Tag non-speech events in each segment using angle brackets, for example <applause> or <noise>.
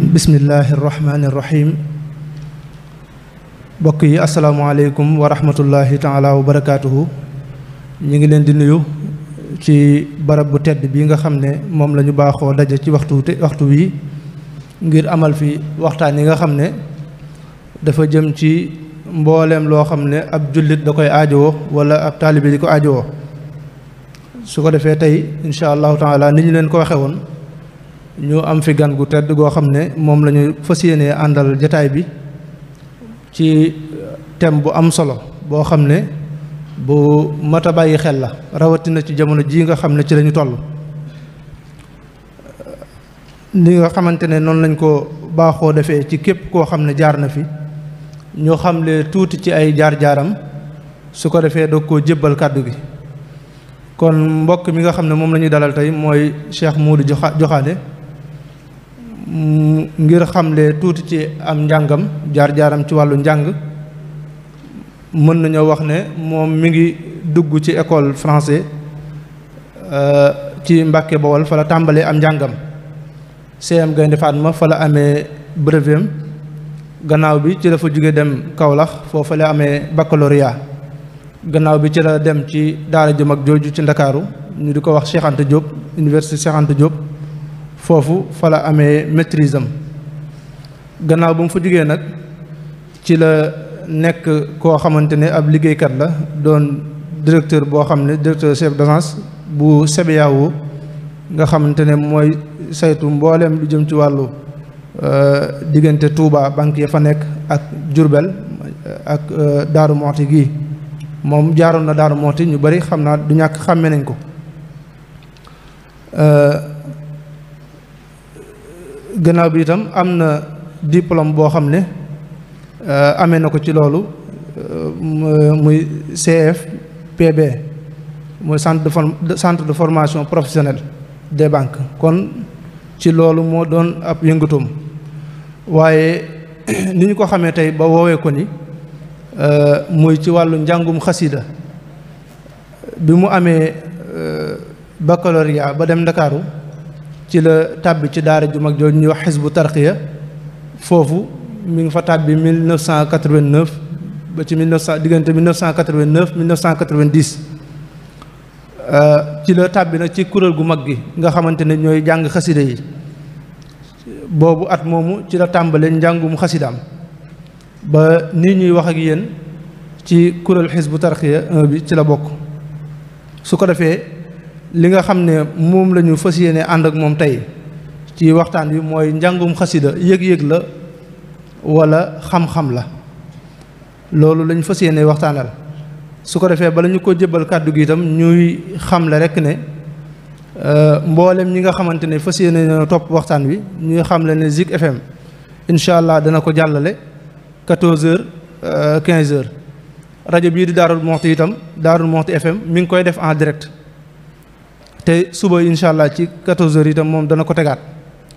بسم الله الرحمن الرحيم بقي السلام عليكم ورحمة الله تعالى وبركاته نيغي لين دي نيو تي بارابو تيد بيغا خامني موم لا نيو باخو داجي تي وقتو تي وقتو وي غير عمل في وقتان نيغا خامني دا فا جيم تي مبولم لو خامني اب جوليت داكاي اديو ولا اب طالب ديكو اديو سوكو دافاي تاي ان شاء الله تعالى نيغي لين كو واخا ñu am fi gan gu tedd goo xam ne moom la ñu fas yéenee àndal jataay bi ci euh, thème bu am solo boo xam ne bu mat a bàyyi xel la rawatina ci jamono ji nga xam ne ci la ñu toll euh, ni nga xamante ne noonu lañ ko baaxoo defee ci képp koo xam ne jaar na fi ñoo xam le tuuti ci ay jaar-jaaram su ko defee doog koo jébbal kàddu gi kon mbokk mi nga xam ne moom la ñuy dalal tey mooy Cheikh Modou Diokhané ngir xam xamle tuuti ci am njàngam jaar-jaaram ci wàllu njàng mën nañoo wax ne moom mi ngi dugg ci école français euh, ci Mbàkke Bawol fa la tàmbalee am njàngam CM Gaynde Fatma fa la amee brevet gannaaw bi ci la fa jóge dem Kaolack foofa la amee baccalauréat gannaaw bi ci la dem ci daara jëm ak jooju ci Ndakaaru ñu di ko wax Cheikh Anta Diop université Cheikh foofu fa la amee maîtrise gannaaw ba mu fa jógee nag ci la nekk koo xamante ne ab liggéeykat la doon directeur boo xam ne directeur chef d'agence bu CBAO nga xamante ne mooy saytu mbooleem lu jëm ci wàllu euh, diggante Touba banque ya fa nekk ak Diourbel ak euh, Daaru Moxti gii moom jaaroon na Daaru Moxti ñu bari xam naa du ñàkk xàmme nañ ko euh, gannaaw bi itam am na diplôme boo xam ne euh, amee na ko ci loolu euh, muy CFPB muy centre de form de formation professionnelle des banques kon ci loolu moo doon ab yëngatoom waaye <clears throat> ni ñu ko xamee tey ba woowee ko ni euh, muy ci wàllu njàngum xasida bi mu amee baccalauréat ba dem Ndakaaru ci la tàbbi ci daara ju mag jooju ñuy wax xisbu tarxiya foofu mi ngi fa tàbbi 1989 ba ci 1900 diggante 1989 1990 ci la tàbbi nag ci kuréel gu mag gi nga xamante ne ñooy jàng xasida yi boobu at moomu ci la njàngum xasidaam ba nii ñuy wax ak yéen ci kuréel tarxiya bi ci la bokk su ko defee. li nga xam ne moom la ñu fas yéene ànd ak moom tey ci waxtaan wi mooy njàngum xasida yëg-yëg la wala xam-xam la loolu la ñu fas yéene waxtaanal su ko defee bala ñu ko jëbal kàddu gi itam ñuy xamle rek ne euh, mboolem ñi nga xamante ne fas yéene na topp waxtaan wi ñuy xamle ne Zik FM incha allah dana ko jàllale 14 heures euh, quinze heures rajo bii di Darou Mouhty itam Darou Mouhty FM mi ngi koy def en direct. te suba incha allah ci 14h itam moom dana ko tegaat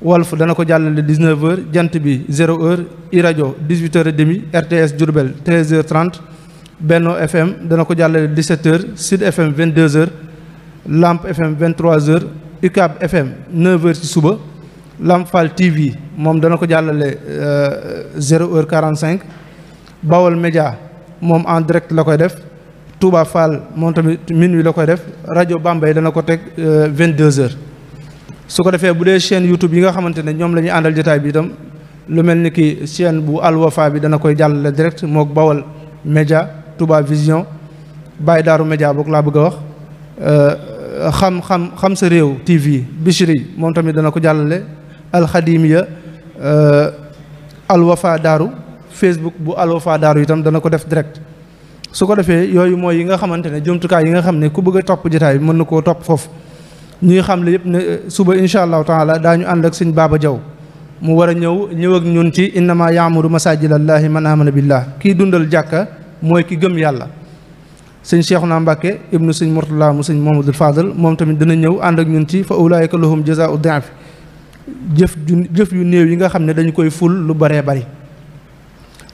Walf dana ko jàllale 19h jant bi 0h iRadio 18h30 RTS Diourbel 13h30 FM dana ko jàllale 17h Sud FM 22h LAMP FM 23h UCAB FM 9h ci suba Lamp Fall TV moom dana ko jàllale 0h45 Bawol Média moom en direct la koy def. Touba Fall moom tamit minuit la koy def rajo Bambey dana ko teg euh, vingt deux heures su ko defee bu dee chaîne YouTube yi nga xamante ne ñoom lañuy àndal jotaay bi itam lu mel ni ki chaîne bu Al Wafa bi dana koy jàllale direct mook Bawal Média tubaa Vision Baye Daaru Média book laa bëgg a wax euh, xam xam xam sa réew TV Bichri moom tamit dana ko jàllale Al Khadimiya euh, Al Wafa Daaru Facebook bu Al Wafa Daaru itam dana ko def direct su ko defee yooyu mooy yi nga xamante ne jumtukaay yi nga xam ne ku bëgg a topp jotaay bi mën na koo topp foofu ñuy xam le yëpp ne euh, suba incha allahu taala daañu ànd ak sëñ baaba jaw mu war a ñëw ñëw ak ñun ci innama yaamuru masajidallaahi man amana billah kii dundal jàkka mooy ki gëm yàlla sëñ Cheikhouna Mbacke ibnu sëñ Mourtala mu sëñ Mamadul Fadal moom tamit dina ñëw ànd ak ñun ci fa ulaayika lahum jazaa'u di'f jëf ju jëf yu néew yi nga xam ne dañu koy ful lu baree bari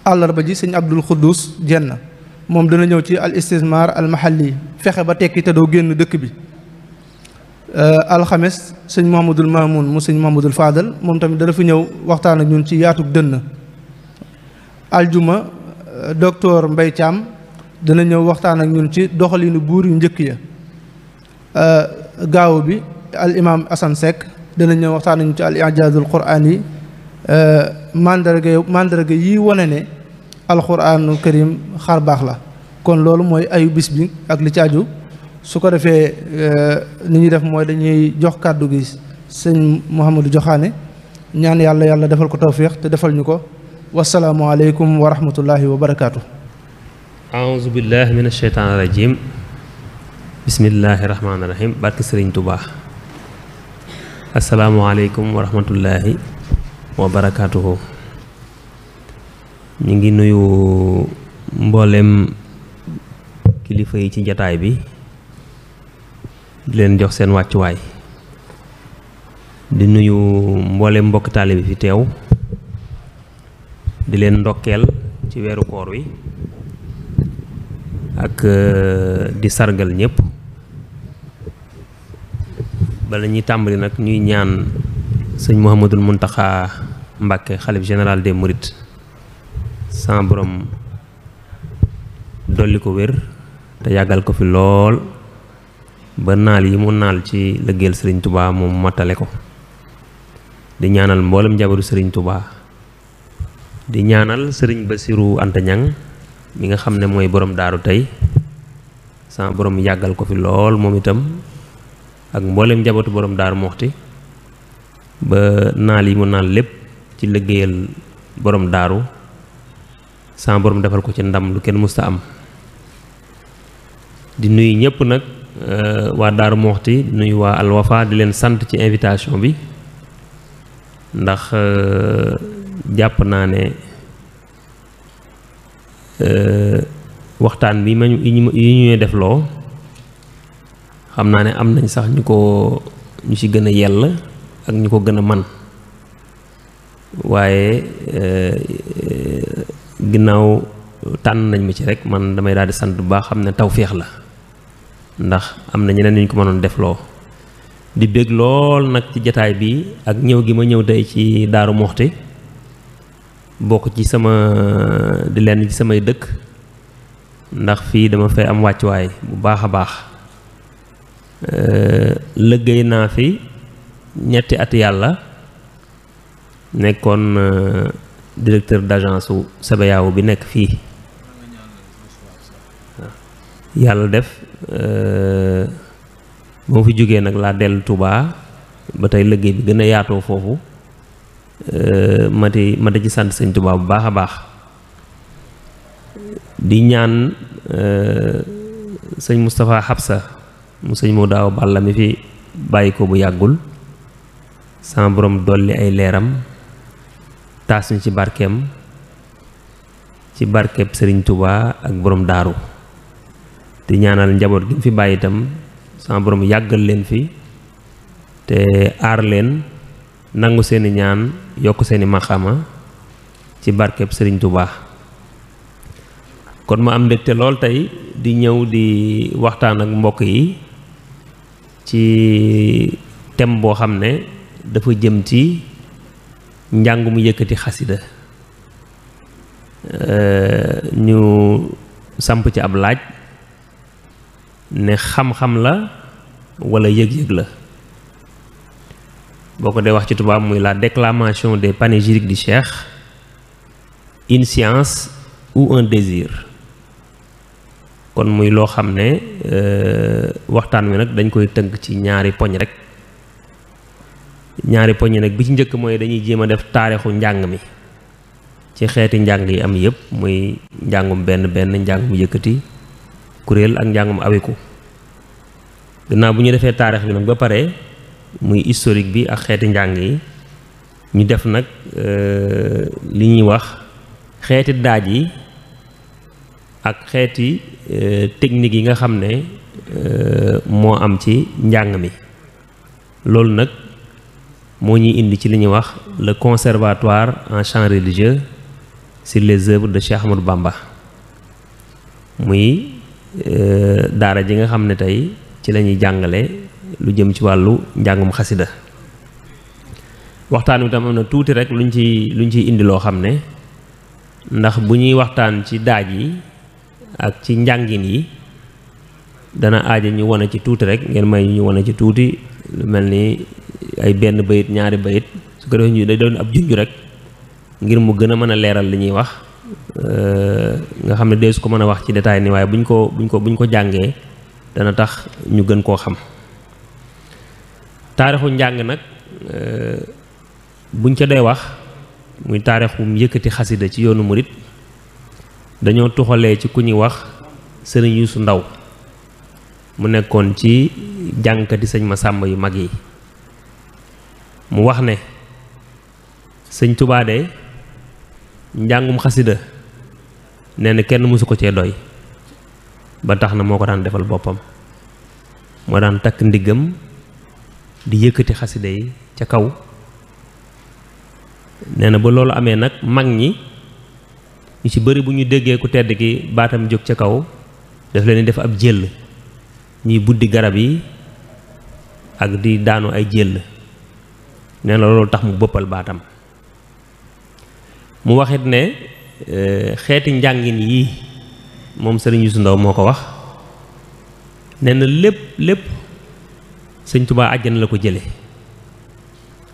àllarba ji sëñ Abdul Xuddus jenn mom dana ñëw ci al istismar al mahalli fexe ba tekki te do génn dëkk bi euh al khamis sëñ Mouhamadul Mamoun mu sëñ Mouhamadul Fadal mom tamit dara fi ñëw waxtaan ak ñun ci yaatuk al juma docteur Mbaye cham dana ñëw waxtaan ak ñun ci doxalinu bur yu njëkk ya euh gaaw bi al imam Assane sek dana ñëw waxtaan ak ñun ci al ijazul qur'ani euh mandarga mandarga yi wane ne alxuraanul karim xar baax la kon loolu mooy ayu bis bi ak li ci aju su ko defee ni ñuy def mooy dañuy jox kàddu gi sëñ Mouhamadou Joxaane ñaan yàlla yàlla defal ko tawfiix te defal ñu ko wasalaamualeykum wa rahmatullahi wa barakaatu. aouzu billahi min asheytaan rajim bismillahi rahmaani rahim barke sëriñ Tuubaa asalaamualeykum wa rahmatullahi wa barakaatuhu ñu ngi nuyu mboolem kilifa yi ci jotaay bi di leen jox seen wàccuwaay di nuyu mboolem mbokk taalibe fi teew di leen ndokkel ci wéru koor wi ak euh, di sargal ñëpp bala ñuy tàmbali nag ñuy ñaan sëñ Mouhamadul Muntaxa Mbàkke xalif général des Mourides sama borom doli ko wer te yagal ko fi lol ba nal yi mu nal ci leggel serigne touba mu matale ko di ñaanal mbolam jabaru serigne touba di ñaanal serigne basiru antagnang mi nga xamne moy borom daru tay sama borom yagal ko fi lol mom itam ak mbolam jabatu borom daru moxti ba nal yi mu nal lepp ci leggel borom daru sama borom defal ko ci ndam lu kenn musta am di nuyu ñëpp nag euh, waa Daaru Moxti di nuyu waa Alwafa di leen sant ci invitation bi ndax euh, jàpp naa ne euh, waxtaan bi ma ñu yi ñu def loo xam naa ne am nañ sax ñu ko ñu ci gën a yell ak ñu ko gën a man waaye ginnaaw tànn nañ ma ci rek man damay daal sant bu baax xam ne tawféex la ndax am na ñeneen ñu ko mënoon def loo di bég lool nag ci jataay bii ak ñëw gi ma ñëw tey ci Daaru Muxti bokk ci sama di lenn ci samay dëkk ndax fii dama fay am wàccuwaay bu baax a baax liggéey naa fi ñetti at yàlla nekkoon directeur d'agence su bi nek fi yalla def mo euh, fi jógee nak la del Touba ba tey liggéey bi gëna yaato tuba euh mati mati ci sante seigne Touba bu baaxa baax di ñaan euh, seigne mustapha Habsa mu seigne moo daaw Balla mi fi bayiko bu yagul sama borom dolli ay leram Tas ñu ci barkem ci barkep Serigne Touba ak borom daru di ñaanal njabot gi fi baye tam sama borom yagal len fi te ar nanguseni nangu yokuseni ñaan yok seeni makama ci barkep Serigne Touba kon ma am lol tay di ñew di waxtaan ak mbokk yi ci tem bo xamne dafa jëm ci njàngum yëkkati xasida ñu samp ci ab laaj ne xam-xam la wala yëg-yëg la boko ko wax ci tuba muy la déclamation des panégyriques du cheikh une science ou un désir kon muy lo xam euh waxtan wi nak dañ koy teunk ci ñaari pogn rek ñaari poñ nag bi ci njëkk mooy dañuy jéem a def taarixu njàng mi ci xeeti njàng yi am yëpp muy njàngum benn benn njàng mu yëkkati kuréel ak njàngum awiku gannaaw bu ñu defee taarix bi nag ba pare muy historique bi ak xeeti njàng yi ñu def nag euh, li ñuy wax xeeti daaj yi ak xeeti euh, technique yi nga xam ne euh, moo am ci njàng mi loolu nag moo ñuy indi ci li ñuy wax le conservatoire en chant religieux sur les œuvres de Cheikh Ahmadou Bamba muy euh, daara ji nga xam ne tey ci lañuy jàngale lu jëm ci wàllu njàngum xasida waxtaan wi tam am na tuuti rek luñ ci luñ ciy indi loo xam ne ndax bu ñuy waxtaan ci daaj yi ak ci njàngin yi dana aaja ñu wane ci tuuti rek ngeen may ñu wane ci tuuti lu mel ni ay benn bayit ñaari bayit su ko defee ñu day doon ab junj rek ngir mu gën a mën a leeral li ñuy wax nga xam ne dee su ko mën a wax ci détail ni waaye buñ ko buñ ko buñ ko jàngee dana tax ñu gën koo xam taarixu njàng nag buñ ca dee wax muy taarixum yëkkati xasida ci yoonu murit dañoo tuxalee ci ku ñuy wax sëriñ Yuusu Ndaw mu nekkoon ci jànkati sëñ Masàmba yu mag yi mu wax ne sëñ Tuubaa njàngum xasida nee na kenn mësu ko cee doy ba tax na moo ko daan defal boppam moo daan takk ndiggam di yëkkati xasida yi ca kaw nee na ba loolu amee nag mag ñi ñu ci bëri bu ñu déggee ku tedd gi baatam jóg ca kaw daf leen def ab jël ñuy buddi garab yi ak di daanu ay jëll la na loolu tax mu bëppal baatam mu waxit ne eh, xeeti njàngin yii moom sëriñ Yuusu Ndaw moo ko wax nee na lépp lépp sëñ Tuubaa àjjana la ko jële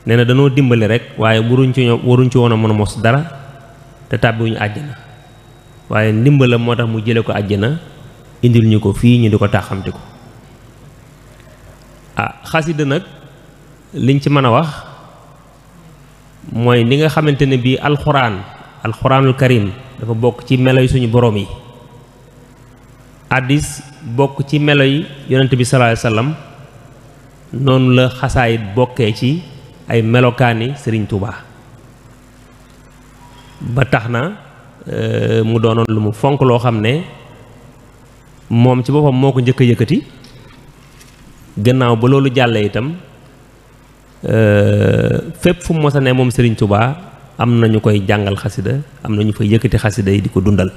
nee danoo dimbali rek waaye waruñ ci ñoom waruñ ci woon a mën a mos dara te tàbbiwuñu àjjana waaye ndimbalam moo tax mu jële ko àjjana indil ñu ko fii ñu di ko taaxamti ko ah xasida nag liñ ci mën a wax mooy ni nga xamante ne bii alxuraan alxuraanul karim dafa bokk ci melo yi suñu borom yi addis bokk ci melo yi yonent bi sallallahu alayhi wasallam noonu la xasaayit bokkee ci ay melokaani sëriñ Tuubaa ba tax na euh, mu doonoon lu mu fonk loo xam ne moom ci boppam moo ko njëkk a yëkkati gannaaw ba loolu jàllee itam euh, fépp fu mosa ne moom Serigne Touba am nañu koy jàngal xasida am nañu fay yëkkati xasida yi di dundal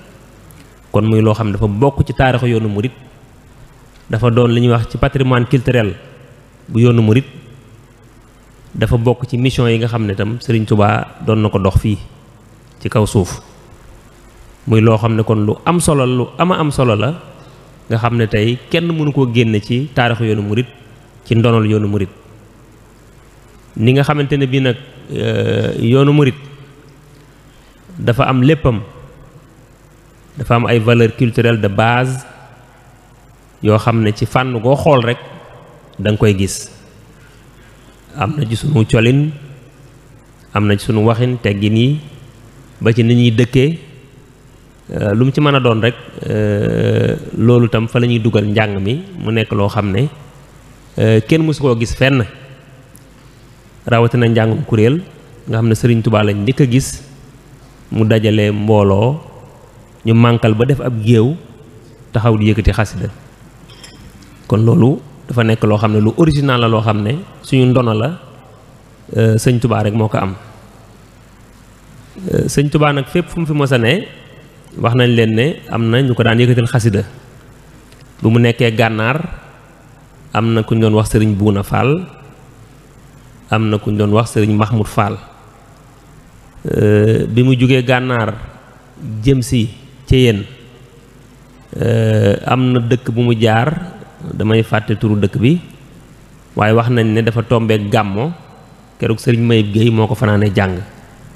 kon muy loo xam dafa bokk ci taarixu yoonu murit dafa doon li ñuy wax ci patrimoine culturel bu yoonu murit dafa bokk ci mission yi nga xam ne itam Serigne Touba doon na dox fii ci kaw suuf muy loo xam kon lu am solo lu ama am solo la nga xam ne tey kenn mënu koo génne ci taarixu yoonu murit ci ndonol yoonu murit ni nga xamante ne bii nag euh, yoonu murit dafa am léppam dafa am ay valeurs culturel de base yoo xam ne ci fànn goo xool rek danga koy gis am na ci sunu colin am na ci sunu waxin teggin yi ba ci ni ñuy dëkkee Euh, lu mu ci mën a doon rek euh, loolu itam fa la ñuy dugal njàng mi mu nekk loo xam ne euh, kenn mësu koo gis fenn rawatina njàngum kuréel nga xam ne Sëriñ Tubaa lañ njëkk a gis mu dajale mbooloo ñu mànkal ba def ab géew taxaw di yëkkati xasida kon loolu dafa nekk loo xam ne lu original la loo xam ne suñu ndono la sëñ Tubaa rek moo ko am sëñ Tubaa nag fépp fu mu fi mos ne wax nañ leen ne am na ñu ko daan yëkkatil xasida bi mu nekkee gànnaar am na ku ñu doon wax sëriñ Buuna Fall am na ku ñu doon wax sëriñ Mahmoud Fall euh, bi mu jógee gànnaar jëm si ci yéen euh, am na dëkk bu mu jaar damay fàtte turu dëkk bi waaye wax nañ ne dafa tombeek gàmmo keroog sëriñ Mayib géey moo ko fanaane jàng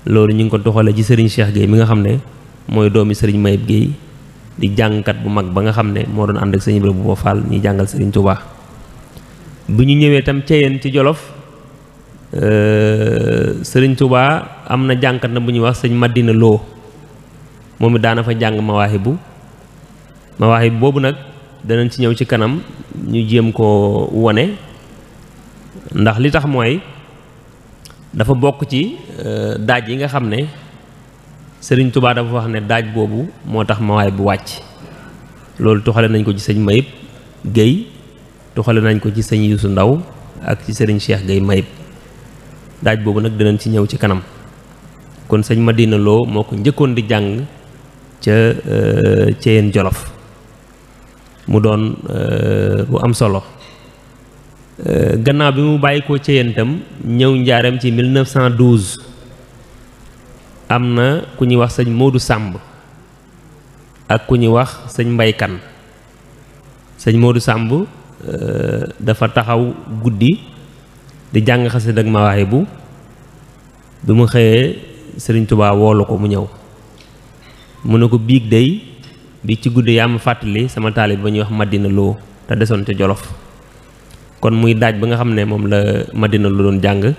loolu ñu ngi ko doxalee ci sëriñ Cheikh Guèye mi nga xam ne moy doomi serigne Mayib gey di jangkat bu mag ba nga xamne mo doon and ak serigne Ibra bu Fall ni jangal serigne Touba bu ñu ñëwee tam ceyeen ci Jolof euh, serigne Touba amna jangkat na bu ñuy wax serigne Madina Lo momi it daana fa jàng mawahibu mawaahibu boobu nag danañ ci ñew ci kanam ñu jëm ko woné ndax li tax moy dafa bok ci euh, daaj yi nga xamne sëriñ tubaa dafa wax ne daaj boobu moo tax mawaay bu wàcc loolu tuxale nañ ko ci sëñ mayib géy tuxale nañ ko ci sëñ yuusu ndaw ak ci sëriñ cheikh géy mayib daaj boobu nag dinañ ci ñëw ci kanam kon sëñ Madina Lo moo ko njëkkoon di jàng ca Ceyeen euh, Jolof mu doon euh, bu am solo euh, gannaaw bi mu bàyyi ko Ceyeen ñëw njaareem ci 1912 am na ku ñuy wax sëñ Modou sàmb ak ku ñuy wax sëñ Mbay Kan sëñ moodu Samb euh, dafa taxaw guddi di jàng xasida ak bu bi mu xëyee sëriñ Tuubaa woolu ko mu ñëw mu ne ko biig day bi ci guddi yaa mu fàttali sama taalib ba ñuy wax maddina loo te desoon ca Jolof kon muy daaj ba nga xam ne moom la maddina Lo doon jàng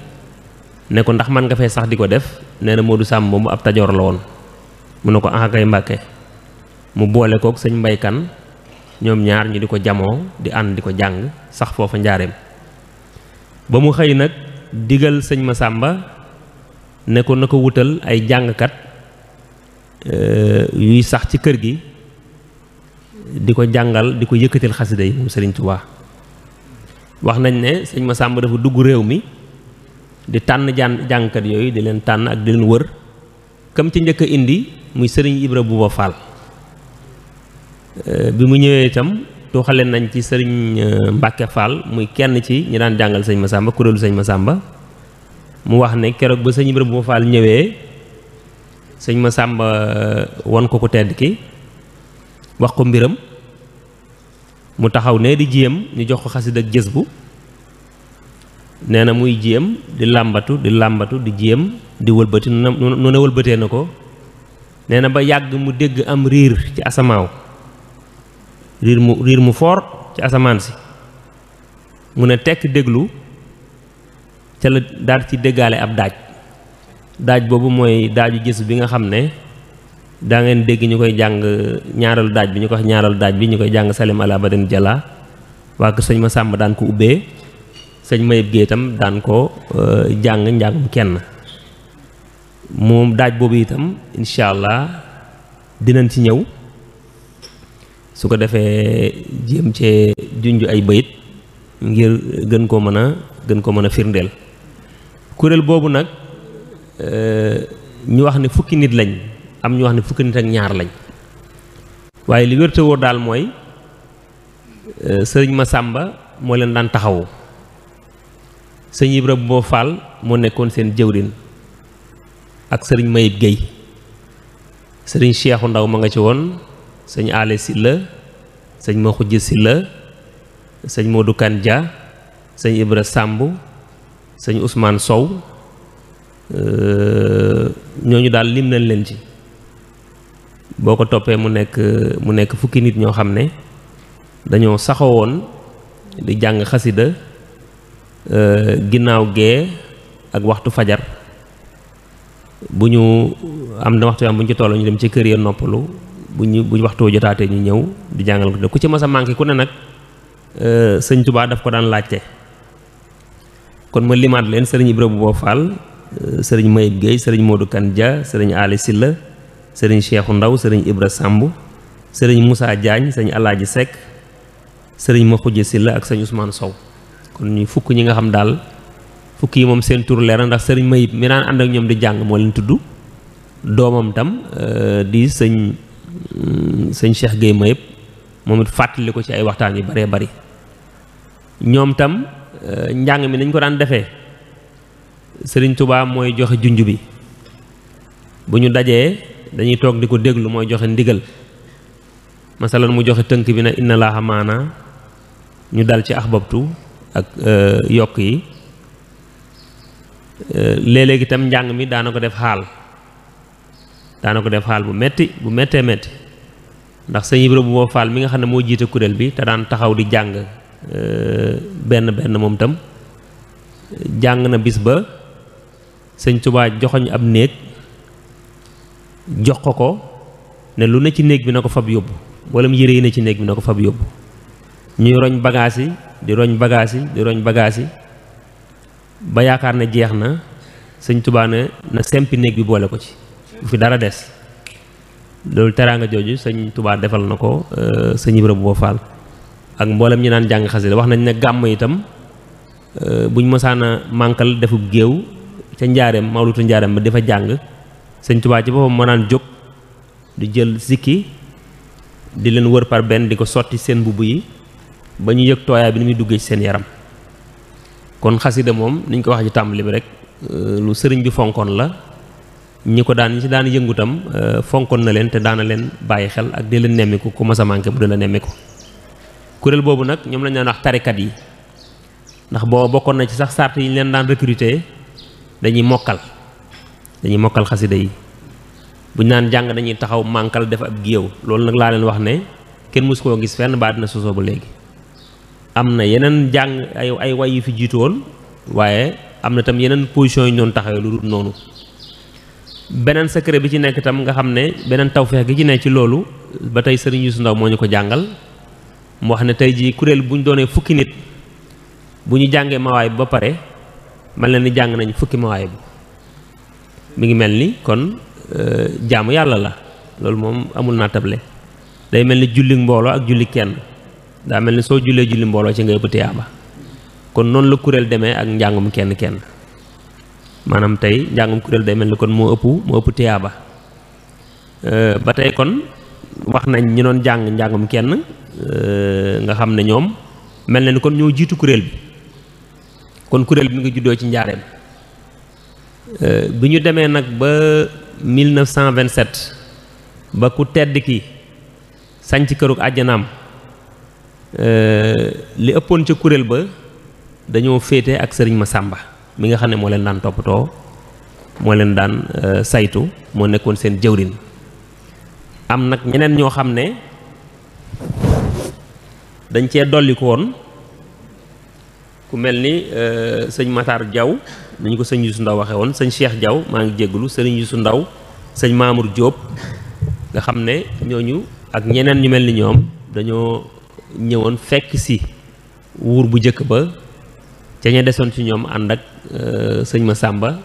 ne ko ndax man nga fee sax di ko def Nenemu Modou sam mom ab tajoor la won munoko ah kay Mbàkke mu boole señ mbay kan ñom ñaar ñu di jamo di and di jang sax fofu ndiarem ba mu xey nak digal ma samba ne ko nako wutal ay euh yuy sax ci kër gi di jangal diko di khassida yi mu señ touba wax nañ ne ma samba dafa dugg rew mi di tànn jàng jàngkat yooyu di leen tànn ak di leen wër kam ci njëkk a indi muy sëriñ Ibra Buuba Fall euh, bi mu ñëwee itam tuuxaleen nañ ci sëriñ euh, Mbàkke Fall muy kenn ci ñi daan jàngal sëñ ma Masamba kuréelu sëñ sàmba mu wax ne keroog ba sëñ Ibra Buuba Fall ñëwee sëñ ma Masamba euh, won ko ku tedd ki wax ko mbiram mu taxaw nee di jiyam ñu jox ko xasid ak jës bu nee na muy jéem di làmbatu di làmbatu di jéem di wëlbati nu ne wëlbatee na ko nee na ba yàgg mu dégg am riir ci asamaaw riir mu riir mu foor ci asamaan si mu ne tekk déglu ca la daal ci déggaale ab daaj daaj boobu mooy daaju gis bi nga xam ne daa ngeen dégg ñu koy jàng ñaareelu daaj bi ñu ko wax ñaareelu daaj bi ñu koy jàng salim ala baden jala waa kër sëñ ma sàmb daan ko ubbee sëñ Mayib Guèye itam daan ko euh, jàng njàngum kenn moom daaj boobu itam incha allah dinañ ci ñëw su ko defee jéem cee junj ay bayit ngir gën koo mën a gën koo mën a firndeel kuréel boobu nag euh, ñu wax ne fukki nit lañ am ñu wax ne fukki nit ak ñaar lañ waaye li wér te wóor daal mooy euh, sëriñ ma sàmba moo leen daan taxawu sëñ bu boo Fall moo nekkoon seen jëwrin ak sëriñ Mayib Guèye sëriñ Cheikhu Ndaw ma nga ci woon sëñ Aale Silla sëñ Maxuj Silla sëñ Modou Kan Dia sëñ Ibra Sàmb sëñ Ousmane Sow euh, ñu daal lim nañ leen ci boo ko toppee mu nekk mu nekk fukki nit ñoo xam ne dañoo saxawoon di jàng xasida Euh, ginnaaw gee ak waxtu fajar bu ñu am na waxtu yaam bu ñu ci toll ñu dem ci kër ya noppalu bu ñu bu waxtu jotaatee ñu ñëw di jàngal ko ku ci mas a manqué ku ne nag euh, sëñ Tuubaa daf ko daan laajte kon ma limaat leen sëriñ Ibrahima Boo Fall euh, sëriñ Mayib Guèye sëriñ Modou ja sëriñ Ali Silla sëriñ Cheikhou Ndaw sëriñ Ibra sàmb sëriñ Moussa Diagne sëriñ Alaaji Seck sëriñ Maxuja Silla ak sëriñ Ousmane Sow kon ñu fukk ñi nga xam dal fukk yi mom seen tur leer ndax serigne Mayib mi naan and ak ñom di jang mo leen tuddu domam tam euh, di sëñ mm, sëñ Cheikh Gueye Mayib momit fatali ko ci ay waxtaan yu bare bare ñom tam euh, njàng mi nañ ko daan defé serigne Touba moy joxe junj bi bu ñu dajee dañuy tok di deglu moy joxe ndigal masalan mu joxe teunk bi na inna laha mana ñu dal ci akhbabtu ak eh, yokk yi eh, léeg-léeg tam njàng mi daana def xaal daana ko def xaal bu metti bu mettee metti ndax sëñ Ibra bu moo faal mi nga xam ne moo jiite kuréel bi te daan taxaw di jàng eh, benn benn moom tam jàng na bis ba sëñ Tuubaa joxoñ ab néeg jox ko ko ne lu ne ci néeg bi na ko fab yóbbu wala mu yére yi ne ci néeg bi na ko fab yóbbu ñuy roñ bagaas yi di roñ bagaas yi di roñ bagaas yi ba yaakaar ne jeex na sëñ Tuubaa ne na sempi néeg bi boole ko ci bu fi dara des loolu teraanga jooju sëñ tubaa defal na ko euh, sëñ Ibra Bouba Fall ak mboolem ñi naan jàng xasida wax nañ ne gàmm itam euh, buñ mosaana mànkal defub géew ca njaareem mawlutu njaareem ba di fa jàng sëñ Tuubaa ci boppam moo naan jóg di jël sikki di leen wër par benn di ko sotti seen mbubb yi ba ñu yëg tooyaay bi ni muy duggee ci seen yaram kon xasida moom niñ ko wax ci tàmbali bi rek euh, lu sëriñ bi fonkoon la ñi ko daan ñi ci daan yëngutam euh, fonkoon na leen te daana leen bàyyi xel ak dee leen nemmiku ku mas manqué bu dee la nemmiku kuréel boobu nag ñoom lañ daan wax tarikat yi ndax boo bokkoon na ci sax sart yi ñu leen daan recruter dañuy mokkal dañuy mokkal xasida yi buñ naan jàng dañuy taxaw mànkal def ab géew loolu nag laa leen wax ne kenn mësu koo gis fenn ba àddina sosoo ba léegi am na yeneen jàng ay ay way yu fi jiitu woon waaye am na tam yeneen position yi ñoon taxawee lu dul noonu beneen secret bi ci nekk tam nga xam ne beneen tawfeex gi ci ne ci loolu ba tey sëriñ Youssou Ndaw moo ñu ko jàngal moo xam ne tey jii kuréel bu ñu doonee fukki nit bu ñu jàngee mawaay bi ba pare man leen ni jàng nañ fukki mawaay bi mi ngi mel ni kon euh, jaamu yàlla la loolu moom amul naa table day mel ni julli mbooloo ak julli kenn daa mel ni soo jullee julli mbooloo ci nga ëpp tiyaaba kon noonu la kuréel demee ak njàngum kenn kenn maanaam tey njàngum kuréel day mel ni kon moo ëpp moo ëpp tiyaaba euh, ba tey kon wax nañ ñi doon jàng njàngum kenn euh, nga xam ne ñoom mel na ni kon ñoo jiitu kuréel bi kon kuréel bi nga juddoo ci njaareem euh, bi ñu demee nag ba mille cent vingt 1927 ba ku tedd ki sanc këru àjjanaam Euh, li ëppoon ca kuréel ba dañoo féete ak sëriñ ma sàmba mi nga xam ne moo leen daan toppatoo moo leen daan euh, saytu moo nekkoon seen jëwrin am nag ñeneen ñoo xam ne dañ cee dolli ku mel ni euh, sëñ Matar Diaw nañu ko sëñ Youssou Ndaw waxee woon sëñ Cheikh Diaw maa ngi jégglu sëriñ Youssou Ndaw sëñ Mamour Diop nga xam ne ñooñu ak ñeneen ñu mel ni ñoom dañoo ñëwoon fekk si wuur bu njëkk ba ca ña desoon ci ñoom ànd ak euh, sëñ ma Samba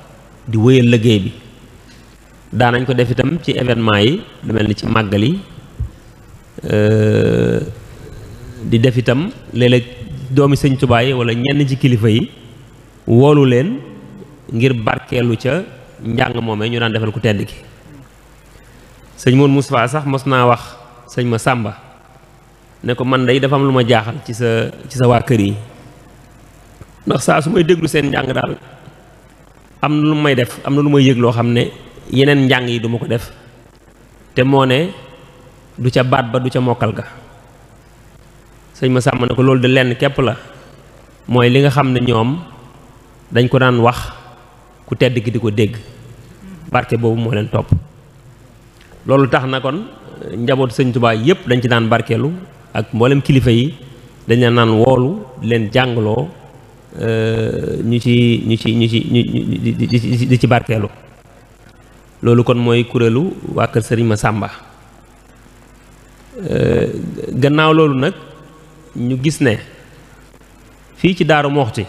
di wëyal liggéey bi daanañ ko def itam ci événement yi lu mel ni ci màggal yi euh, di def itam léeg-léeg doomi sëñ Touba yi wala ñenn ci kilifa yi wolu leen ngir barkeelu ca njàng moomee ñu daan defal ku tedd ki sëñ Moon Mustafaa sax mos wax sëñ ma Samba ne ko man day dafa am lu ma jaaxal ci sa ci sa waa kër yi ndax saa su may déglu seen njàng daal am na lu may def am na lu may yëg loo xam ne yeneen njàng yi duma ko def te moo ne du ca baat ba du ca mokkal ga sëñ ma sàmm ne ko loolu de lenn képp la mooy li nga xam ne ñoom dañ ko daan wax ku tedd ki di ko dégg barke boobu moo leen topp loolu tax na kon njaboot sëñ Tuubaa yépp dañ ci daan barkeelu ak mboolem kilifa yi dañ la wolu len janglo euh ñu ci ñu ci ñu ci di ci barkelu lolu kon kurelu wa keur serigne samba euh gannaaw lolu nak ñu gis ne fi ci Daaru Moxti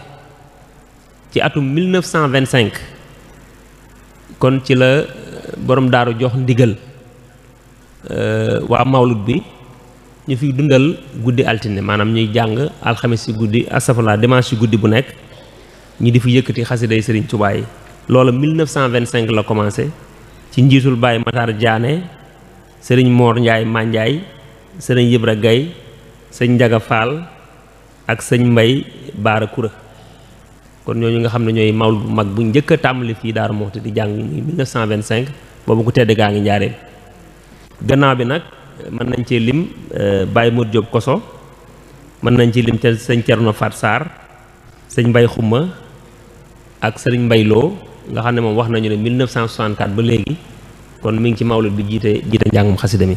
ci atum 1925 kon ci la borom daaru jox ndigal euh, wa mawlud bi ñu fi dundal guddi altine maanaam ñuy jàng alxames si guddi asafala dimanche si guddi bu nekk ñu di fi yëkkati xasiday Serigne Touba yi loolu 1925 la commencé ci njiitul Baye Matar Diané Serigne Mor Ndiaye Mandiaye Serigne Ibra gay sëñ Njaga Fall ak sëñ Mbay Baara Kura kon ñu nga xam ne ñooy mawlu bu mag bu njëkk tàmbali fii Daaru Muxti di jàng muy 1925 boobu ko tedd gaa ngi njaareel gannaaw bi nag mën nañ ci lim euh, Baye Modou Diop Koso mën nañ ci lim ca sëñ Thierno Fat Sarr sëñ Mbaye Xuma ak sëriñ Mbaye Lo nga xam ne moom wax nañu ne 1964 ba léegi kon mi ngi ci mawlud bi jiite jiite njàngum xasida mi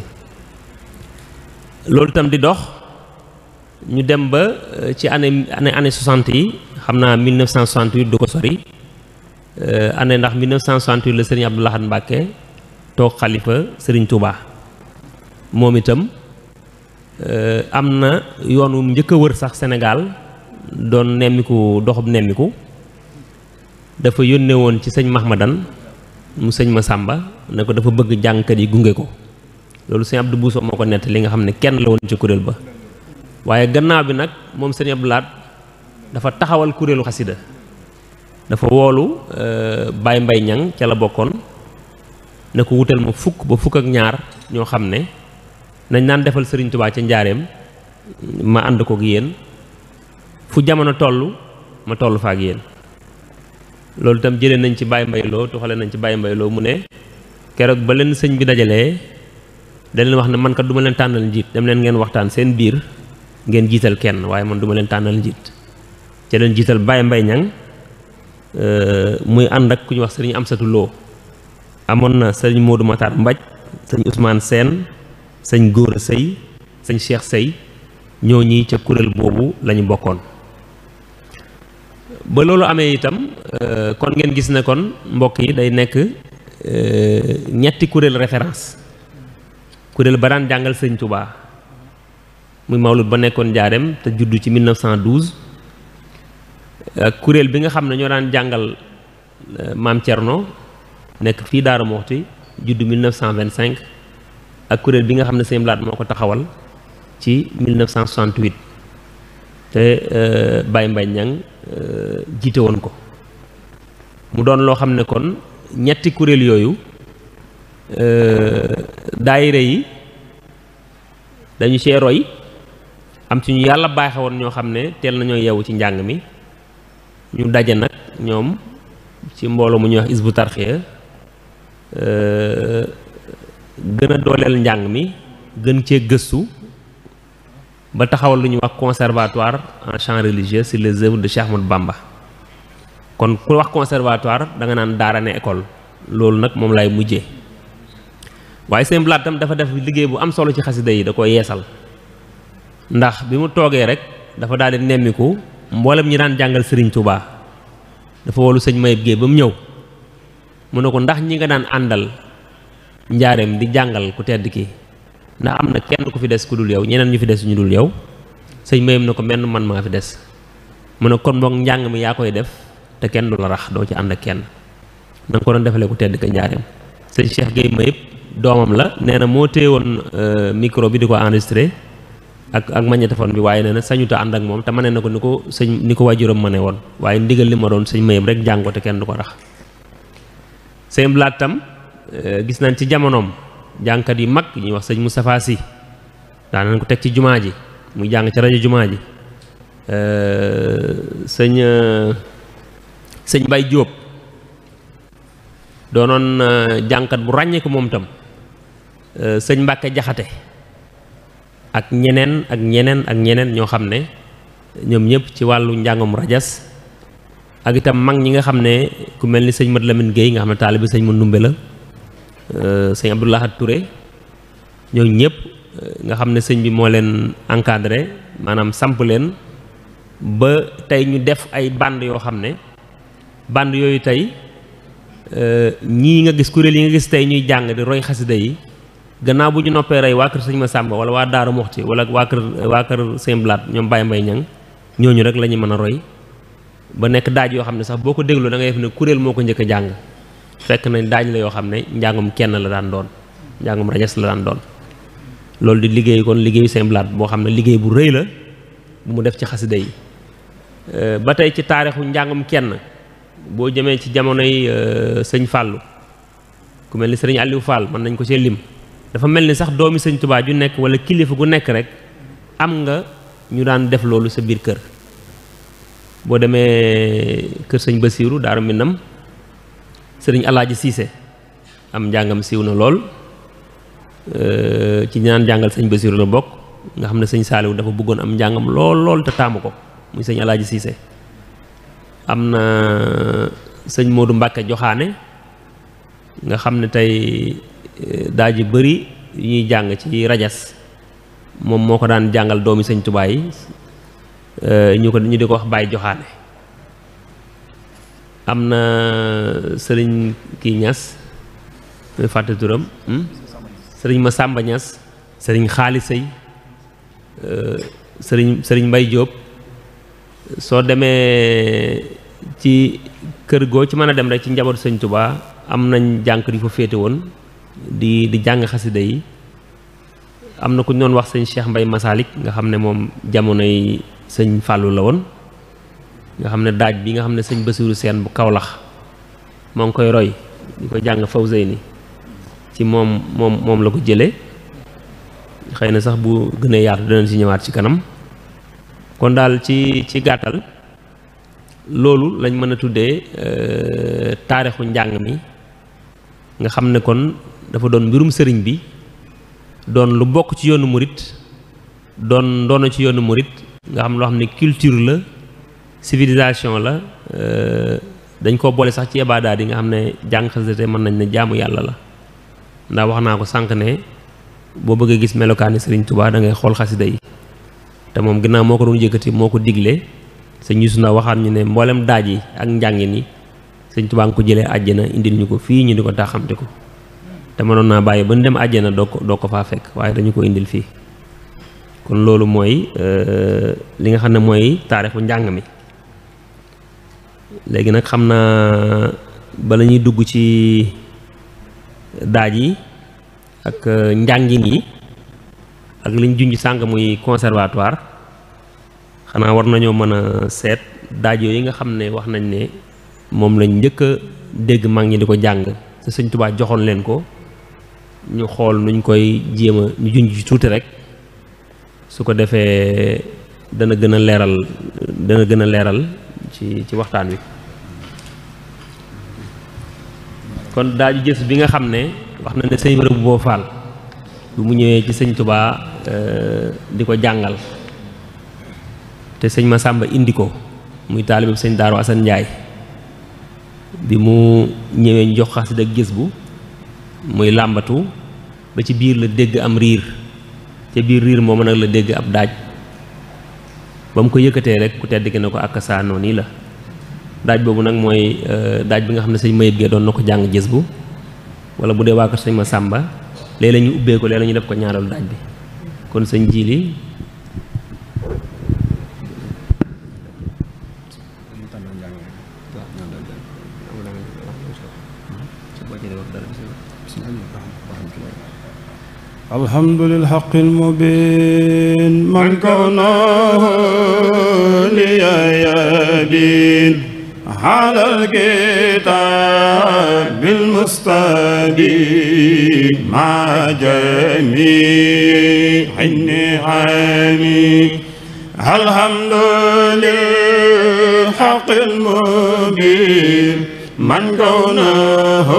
loolu itam di dox ñu dem ba euh, ci année année 60 yi xam naa 1968 du ko sori euh, année ndax 1968 la sëriñ Abdoul Ahad Mbacke toog xalifa sëriñ Touba. momi itam euh amna yoonu wum wër sax Sénégal doon némiku doxub némiku dafa yonne won ci Mahmadan mu Masamba ne ko dafa bëgg jankat yi gungé ko Buso sëñ Abdou Bousso moko net li nga xamné kenn la won ci kurel ba waye gannaaw bi nak mom sëñ abdoulat dafa taxawal kurelu khassida dafa euh bay Mbay Ñang ci la bokkon ne ko wutal fukk ba fukk ak ñaar ño xamné nañ naan defal sëriñ tubaa ca njaareem ma ànd kook yéen fu jamono toll ma toll fa yéen loolu itam jëlee nañ ci bàyyi mbayloo tuxale nañ ci bàyyi mbayloo mu ne keroog ba leen sëñ bi dajalee da leen wax ne man kat du ma leen tànnal njiit dem leen ngeen waxtaan seen biir ngeen jiital kenn waaye man duma leen tànnal njiit ca leen jiital bàyyi mbay ñang euh, muy ànd ak ku ñu wax sëriñ Amsatu Lo amoon na sëriñ Modou Matar Mbaj sëriñ usmaan seen sëñ góor a sëy sëñ Cheikh sëy ñoo ñi ca kuréel boobu lañu bokkoon ba loolu amee itam euh, kon ngeen gis ne kon mbokk yi day nekk euh, ñetti kuréel référence kuréel ba daan jàngal sëñ Touba muy mawlud ba nekkoon Njaareem te juddu ci 1912 ak kuréel bi nga xam ne ñoo daan jàngal euh, maam Thierno nekk fii Darou Mokhti juddu ak kuréel bi nga xam ne sëñ Blaat moo ko taxawal ci 1968 te euh, Baye Mbaye Niang euh, jiite woon ko mu doon loo xam ne kon ñetti kuréel yooyu euh, daayira yi dañu see roy am ci ñu yàlla baaxe woon ñoo xam ne teel nañoo yeewu ci njàng mi ñu daje nag ñoom ci mbooloo mu ñuy wax Hizbut Tarqiyyah gën a dooleel njàng mi gën cee gëstu ba taxawal lu ñuy wax conservatoire en chant religieux sur les œuvres de Cheikh Ahmadou Bamba kon ku wax conservatoire da nga naan daara ne école loolu nag moom lay mujje waaye seen blaat dafa def liggéey bu am solo ci xasida yi da ko yeesal ndax bi mu toogee rek dafa daal di nemmiku mboolem ñi daan jàngal Serigne Touba dafa wolu sëñ Mayib Guèye ba mu ñëw mu ne ko ndax ñi nga daan àndal njaarem di jangal ku tedd ki na amna na kenn ku fi dess ku dul yow ñeneen ñu fi dess ñu dul yow señ mayem nako man ma fi dess mu ne kon bok njang mi ya koy def te kenn dula rax do ci ànd ak kenn na ko don defale ku tedd ka njaarem señ Cheikh gey mayep domam la neena mo teewon euh, micro bi di ko enregistré ak ak magnétophone bi waye neena na ta and ak mom te mané nako niko señ niko wajuram mané won waye ndigal li ma don señ mayem rek jàngoo kenn rax sembla tam Eh, gis nañ ci jamonom jankat yi mag ñuy wax sëñ Moustapha si da nañ ko tek ci jumaa ji muy jàng ci radio jumaa ji eh, sëñ eh, sëñ bay Diop doonoon jankat bu ko mom tam sëñ mbacke Jaxate ak ñeneen ak ñeneen ak ñeneen ño xamne ne ñoom ci walu rajas ak itam mag ñi nga xamne ne ku melni ni sëñ Mat Lamine Guèye nga xamne talib la Euh, sëñ Abdou Lahad ñoo ñëpp euh, nga xam ne sëñ bi moo leen encadré maanaam samp leen ba tey ñu def ay band yoo xam ne bànd yooyu tey euh, ñii nga gis kuréel yi nga gis tey ñuy jàng di roy xasida yi gannaaw bu ñu noppee rey waa kër sëñ ma Sàmba wala waa Daaru Muxti wala waa kër waa kër sëñ Blaat ñoom Baye Mbay Ñang ñooñu rek la ñu mën a roy ba nekk daaj yoo xam ne sax boo ko déglu da ngay def ne kuréel moo ko njëkk a jàng fekk na daañ la yoo xam ne njàngum kenn la daan doon njàngum rajas la daan doon loolu di liggéey kon liggéeyu Sëñ Blaat boo xam ne liggéey bu rëy la bu mu def ci xasida yi euh, ba tey ci taarixu njàngum kenn boo jëmee ci jamonoy euh, sëñ fàllu ku mel ni sëriñ Aliou Fall mën nañ ko cee lim dafa mel ni sax doomi sëñ Tubaa ju nekk wala kilifa gu nekk rek am nga ñu daan def loolu sa biir kër boo demee kër sëñ Basiiru Daaru Minam sëriñ Alaaji Siise am njàngam siiw na lool ci ñaan jàngal sëñ Basiru la bokk nga xam ne sëñ Saaliw dafa bëggoon am njàngam lool lool te taamu ko muy sëñ Alaaji Siise am na sëñ Modou Mbàkke Joxaane nga xam ne tey daa ji bëri ñuy jàng ci rajas moom moo ko daan jàngal doomi sëñ Tuubaa yi ñu ko ñu di ko wax Baay Joxaane am na sëriñ kii ñas fàtte turam hmm? sëriñ Masamba Ñas sëriñ xaalisay euh, sëriñ sëriñ Mbay Jóob soo demee ci kër goo ci mën a dem rek ci njabootu sëñ Tuubaa am nañ jànk yu fa féete woon di di jàng xasida yi am na ku ñu doon wax sëñ Cheikh Mbay Masalik nga xam ne moom jamonoy sëñ Fàllu la woon nga xam ne daaj bi nga xam ne sëñ Basiru Seen bu Kawlax moo ngi koy roy di ko jàng Fawzayni ci moom moom moom la ko jëlee xëy na sax bu gën a yaatu danañ si ñëwaat ci kanam kon daal ci ci gàttal loolu lañ mën a tuddee euh, taarixu njàng mi nga xam ne kon dafa doon mbirum sëriñ bi doon lu bokk ci yoonu morit doon doon ci yoonu morit nga xam loo xam ne culture la civilisation la euh, dañ koo boole sax ci ibaadaat yi nga xam ne jàng xasida mën nañ ne jaamu yàlla la ndax wax naa ko sànq ne boo bëggee gis melokaani Serigne tubaa da ngay xool xasida yi te moom ginnaaw moo ko doon yëkkati moo ko digle sëñ su na waxaat ñu ne mboolem daaj yi ak njàngin ni sëñ Touba nga ko jëlee àjjana indil ñu ko fii ñu di ko taxamte ko te mënoon naa bàyyi ba ñu dem àjjana doo ko doo ko faa fekk waaye dañu ko indil fii kon loolu mooy euh, li nga xam ne mooy taarixu njàng mi léegi nag xam naa bala ñuy dugg ci daaj yi ak euh, njàngin yi ak liñ junj sàng muy conservatoir xanaa war nañoo mën a seet daaj yooyu nga xam ne wax nañ ne moom lañ njëkk a dégg mag ñi di ko jàng te sëñ Tuubaa joxoon leen ko ñu xool luñ koy jéem a ñu junj ci tuuti rek su ko defee dana gën a leeral dana gën a leeral ci ci waxtaan wi kon daaju jës bi nga xam ne wax na ne sëñ bërëb boo faal bu mu ñëwee ci sëñ tubaa eh, di ko jàngal te sëñ Masamba indi ko muy taalibab sëñ Daaru Asan Njaay bi mu ñëwee ñu jox ak gis bu muy làmbatu ba ci biir la dégg am riir ca biir riir moom nag la dégg ab daaj ba mu ko yëkkatee rek ku tedd ki ne ko ak saanoo nii la daj bobu nak moy eh, daj bi nga xamne seigne mayit ge don nako jang jess bu wala budé wa ko seigne ma samba lé lañu ubbé ko lé lañu def ko ñaaral daj bi kon seigne jili الحمد للحق المبين من كونه لي يبين على الكتاب المستقيم مع جميع النعم الحمد للحق المبين من كونه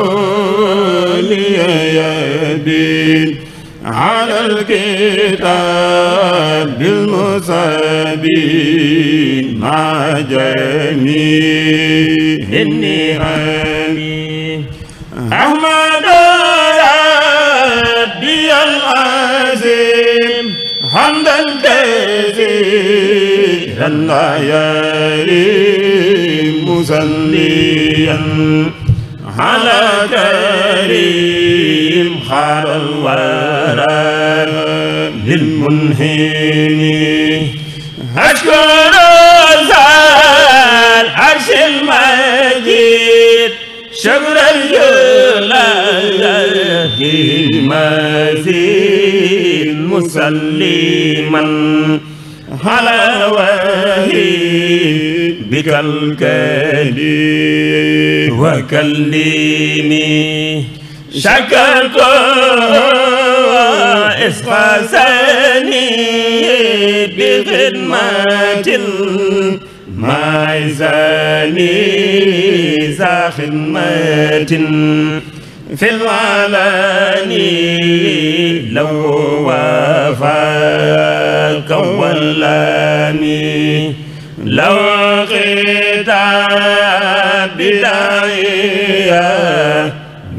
لي يدين على الكتاب بالمصابين مع جميع النعم أحمد ربي العظيم حمد الجزيل الله يريم مسليا على كريم خاب الورى للمنهين أشكر زال عرش المجيد شكر الجلال المزيد مسلما على وهيد بكالكالي الكلي وكلمي شكرت بخدمة المعزاني زاني ذا خدمة في العلاني لو وفاك ولاني لو بداعيا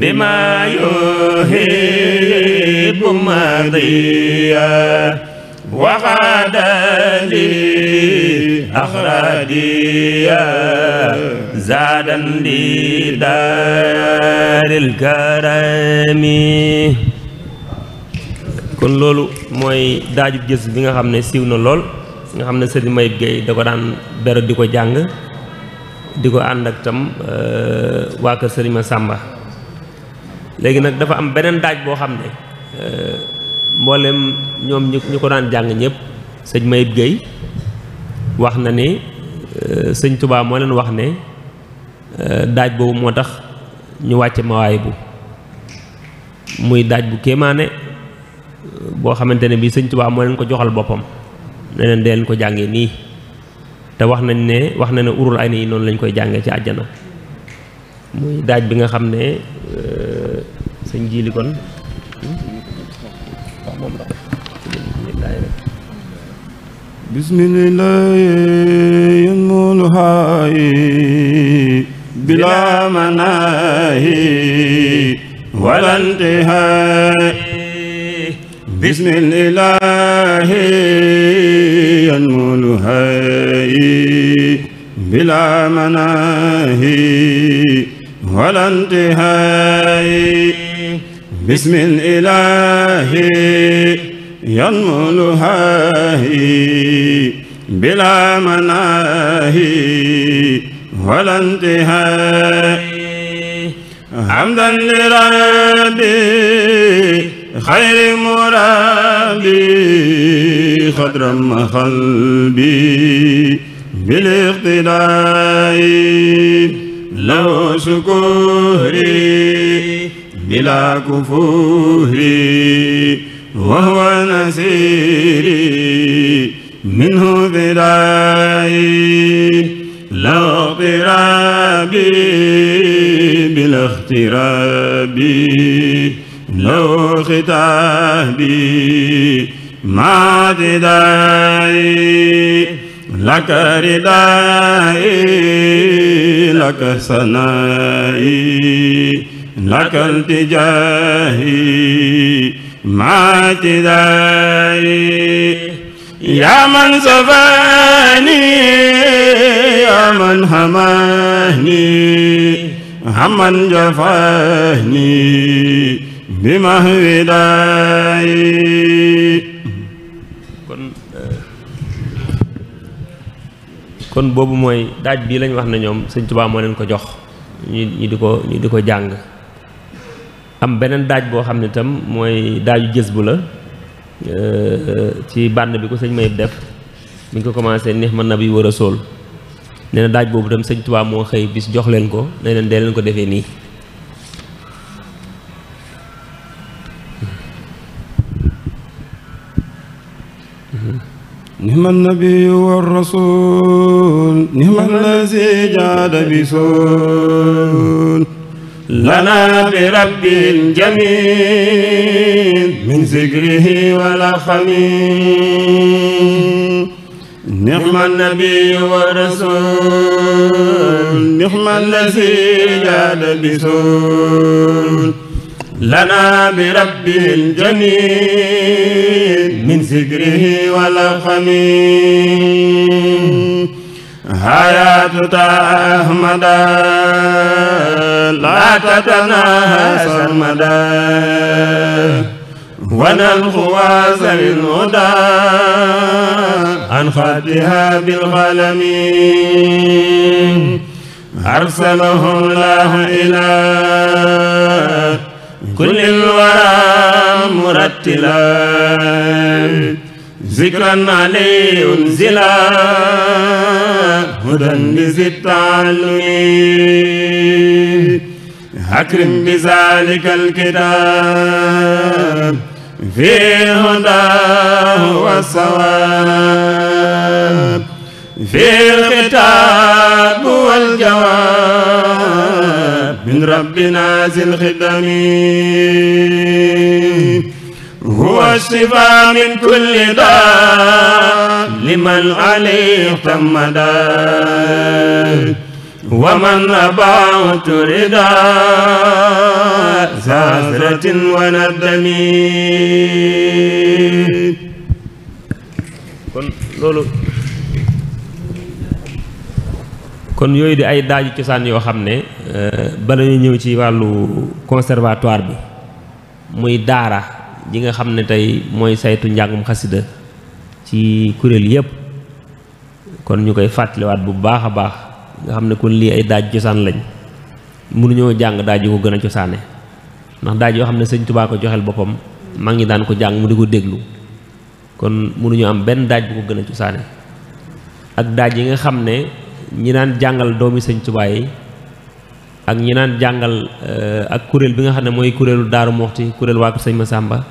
بما يهيب ماضيا وغدا لي أخراديا زادا لدار الكرم kon loolu mooy daajub gis bi nga xam ne siiw na lool nga xam ne sëriñ Mayib Gueye da ko daan bero di ko jàng di ko ànd ak tam euh, waa kër Sëriñ sàmba léegi nag dafa am beneen daaj boo xam ne euh, mboolem ñoom ñu ko daan jàng ñépp sëñ Mayib Gueye wax na ni euh, sëñ tubaab moo leen wax ne daaj boobu moo tax ñu wàcce mawaay bu muy daaj bu kéemaane boo xamante ne bii sëñ Touba moo leen ko joxal boppam ne leen dee leen ko jàngee nii te wax nañ ne wax na ne urul ay yi lañ koy jàngee ci àjjana muy daaj bi nga xam ne euh, sëñ jiili kon bismillahi mulhayi bila manahi walantihaay بسم الإله ينمو الهي بلا مناهي ولا انتهاء بسم الإله ينمو الهي بلا مناهي ولا انتهاء حمدا لربي خير مرادي خدرا قلبي بالاقتداء لو شكوري بلا كفوري وهو نسيري منه ذراعي لو اقترابي بالاقتراب لو ختابي ما تدعي لك ردائي لك سنائي لك التجاهي ما تدعي يا من سفاني يا من هماني همن جفاني bi mahwi daay kon eh, kon boobu mooy daaj bii lañu wax na ñoom sëñ Tuubaa moo leen ko jox ñu ñu di ko ñu di ko jàng am beneen daaj boo xam ne itam mooy daaju jës bu la eh, ci bànn bi ko sëñ Mayib def mi ngi ko commencé neex mën na bi war a sóol nee na daaj boobu itam sëñ Tuubaa moo xëy bis jox leen ko ne leen dee leen ko defee nii نعم النبي والرسول نعم الذي جاد بسول لنا برب جميل من ذكره ولا خميل نعم النبي والرسول نعم الذي جاد بسول لنا بربه الجميل من سكره والخميل حياة أحمد لا تتناهى سرمدا ونلخواس للهدى عن خطها بالقلم أرسله الله إلى كل الورى مرتلا ذكرا عليه انزلا هدى بذي التعلم اكرم بذلك الكتاب في هداه والصواب في الخطاب والجواب من ربنا ذي الخدم هو الشفاء من كل داء لمن عليه تمدا ومن أباه رداء زازرة وندم كن loolu kon yooyu di ay daaji cosaan yoo Euh, bala ñu ñëw ci wàllu conservatoire bi muy daara ji nga xam ne tey mooy saytu njàngum xasida ci kuréel yépp kon ñu koy fàttaliwaat bu baax a baax nga xam ne kon lii ay daaj cosaan lañ mënuñoo jàng daaj yu ko gën a cosaane ndax daaj yoo xam ne sëñ tubaa ko joxel boppam mag ñi daan ko jàng mu di ko déglu kon mënuñoo am benn daaj bu ko gën cosaane ak daaj yi nga xam ne ñi daan jàngal doomi sëñ Tuubaa ak ñi naan jàngal eh, ak kuréel bi nga xam ne mooy kuréelu daaru moxti kuréel waa sëñ Masamba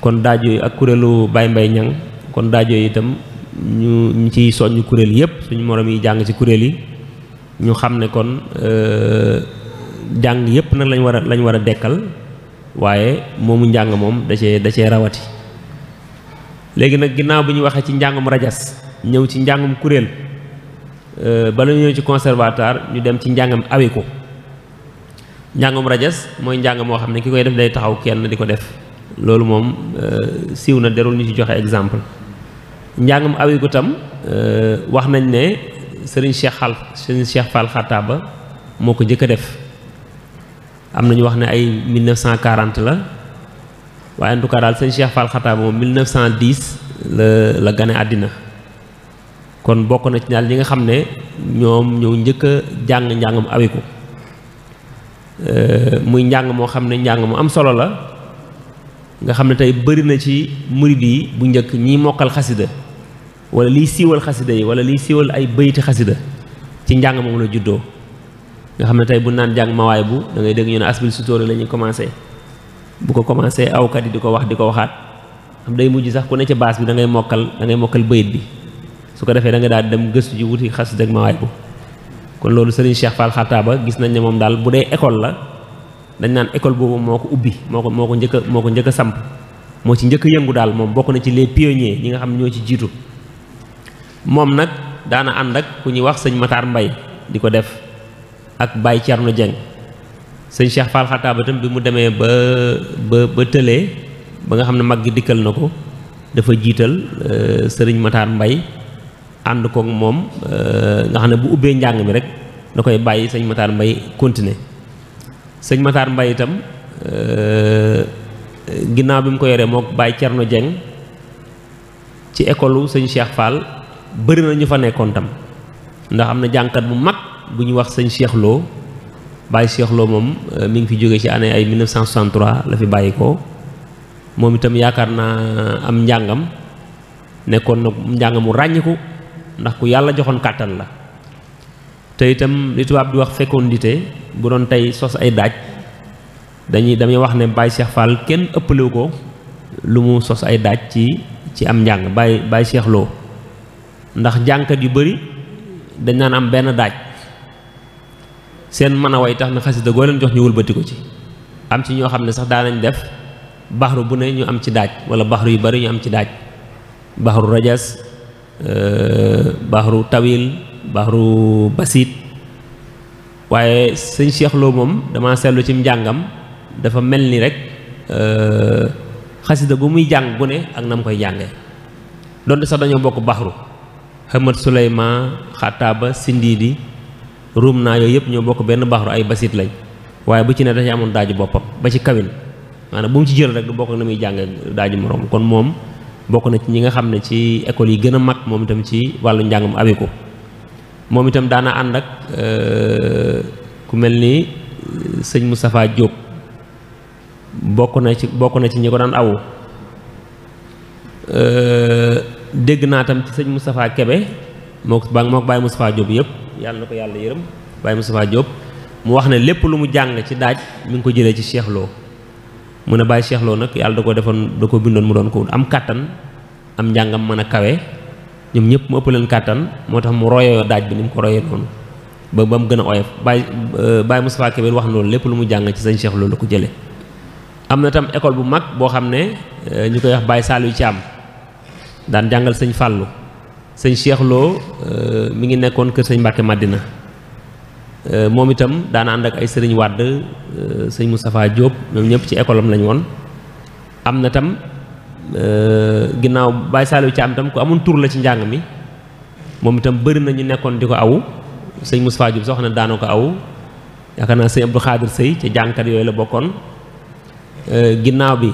kon daaj yooyu ak kuréelu Baye Mbaye Niang kon daaj yooyu itam ñu ñu ciy soññ kuréel yëpp suñu morom yi jàng ci kuréel yi ñu xam ne kon eh, jàng yëpp nag lañ war a lañ war a dekkal waaye moomu njàng da cee da cee rawati léegi nag ginnaaw bi ñu waxee ci njàngum rajas ñëw ci njàngum kuréel Euh, bala ñu ñëw ci conservatoire ñu dem ci njàngam awe ko njàngam rajas mooy njàng moo xam ne ki koy def day taxaw kenn di ko def loolu moom euh, siiw na derul ñu ci joxe exemple njàngam awe ko tam euh, wax nañ ne sëriñ Cheikh xal sëriñ Cheikh Fall Xattaaba moo ko njëkk a def am na ñu wax ne ay 1940 la waaye en tout cas daal sëriñ Cheikh Fall Xattaaba moom 1910 la la gane àddina kon bokk na ci ñaar li nga xam ne ñoom ñëw njëkk a jàng njàngam awiku euh, muy njàng moo xam ne njàng mu am solo la nga xam ne tey bëri na ci murid yi bu njëkk ñiy mokkal xasida wala liy siiwal xasida yi wala liy siiwal ay bayti xasida ci njàng moom a juddoo nga xam ne tey bu naan jàng mawaay bu da ngay dégg ñu ne asbil sutóori la ñuy commencé bu ko commencé awkat yi di ko wax di ko waxaat am day mujj sax ku ne ci baas bi da ngay mokkal da ngay mokkal bayit bi su ko defee da nga daal dem gëstu ji wuti xas dëgg ma bu kon loolu Serigne Cheikh Fall Xartaba gis nañ ne moom daal bu dee école la dañ naan école boobu moo ko ubbi moo ko moo ko njëkk moo ko njëkk a samp moo ci njëkk a yëngu daal moom bokk na ci les pionniers ñi nga xam ñoo ci jiitu moom nag daana ànd ak ku ñuy wax sëñ Matar Mbay di ko def ak Baye Thierno Dieng sëñ Cheikh Fall ba tam bi mu demee ba ba ba tëlee ba nga xam ne mag gi dikkal na ko dafa jiital euh, sëriñ Matar Mbay and kong mom, eh, nga xam bu ubbe njang mi rek nakoy bayyi seigne Matar Mbay continuer seigne Matar Mbay itam euh ginaaw bim ko yoree mok Baye Thierno jeng ci école seigne Cheikh Fall beuri na ñu fa nekkon tam ndax amna na bu mak bu ñu wax seigne Cheikh Lo Baye Cheikh Lo mom eh, mi ngi fi joge ci ane ay 1963 la fi bàyyi ko momi itam yakarna am njangam nekkon na njangamu mu ndax ku yàlla joxoon kàttan la te itam li tubaab di wax fécondité bu doon tey sos ay daaj dañuy damay wax ne Baye Cheikh Fall kenn ëppalewu ko lu mu sos ay daaj ci ci am njàng Baye Baye Cheikh ndax njàngkat yu bari dañ naan am benn daaj seen mën a way tax na xasida goo leen jox ñu wëlbati ko ci am ci ñoo xam ne sax daanañ def baxru bu ne ñu am ci daaj wala baxru yu bari ñu am ci daaj baxru rajas Eh, bahru tawil bahru basit waye seigne cheikh lo mom dama selu ci njàngam dafa mel rek euh khassida bu muy jang bu ne ak nam koy jange donde sa dañu bok bahru hamad sulayman khataba sindidi rumna yo yep ñoo bokk ay basit lañ waye bu ci ne dañu amon daaju bopam ba ci kawin manam bu mu ci jël rek du bok ak namuy jànge daaju morom kon mom bokk na ci ñi nga xam ne ci école yi gën a mag moom itam ci wàllu njàngam ko moom itam daana ànd ak euh, ku mel ni euh, sëñ Moustapha Diop bokk na ci bokk na ci ñi ko daan awu euh, dégg naa tam ci sëñ Moustapha Kebe moo ko ba moo ko bàyyi Moustapha Diop yëpp yàlla na ko yàlla yërëm bàyyi Moustapha Diop mu wax ne lépp lu mu jàng ci daaj mu ngi ko jëlee ci Cheikh mu ne Baye Cheikh Lo nag yàlla da ko defoon da ko bindoon mu doon ko am kàttan am njàngam mën a kawe ñoom ñëpp mu ëpp leen kàttan moo tax mu royoo daaj bi ni mu ko royee noonu ba ba mu gën a oyof Baye mu euh, Moustapha Kébé wax loolu lépp lu mu jàng ci sëñ Cheikh Lo la ko jëlee. am na tam école bu mag boo xam ne euh, ñu koy wax Baye Saliou Thiam daan jàngal sañ Fallou sëñ Cheikh Lo euh, mi ngi nekkoon kër sëñ Mbacke màddina Euh, moom itam daana ànd ak ay sëriñ Wàdd sëñ Moustapha Diop ñoom ñëpp ci école am woon am na tam euh, ginnaaw Baye Saliou am tam ku amoon tur la ci njàng mi moom itam bari na ñu nekkoon di ko awu sëñ Moustapha Diop soxna daana ko aw yaakaar naa sëñ Abdou Khadir Sey ca yooyu la bokkoon euh, ginnaaw bi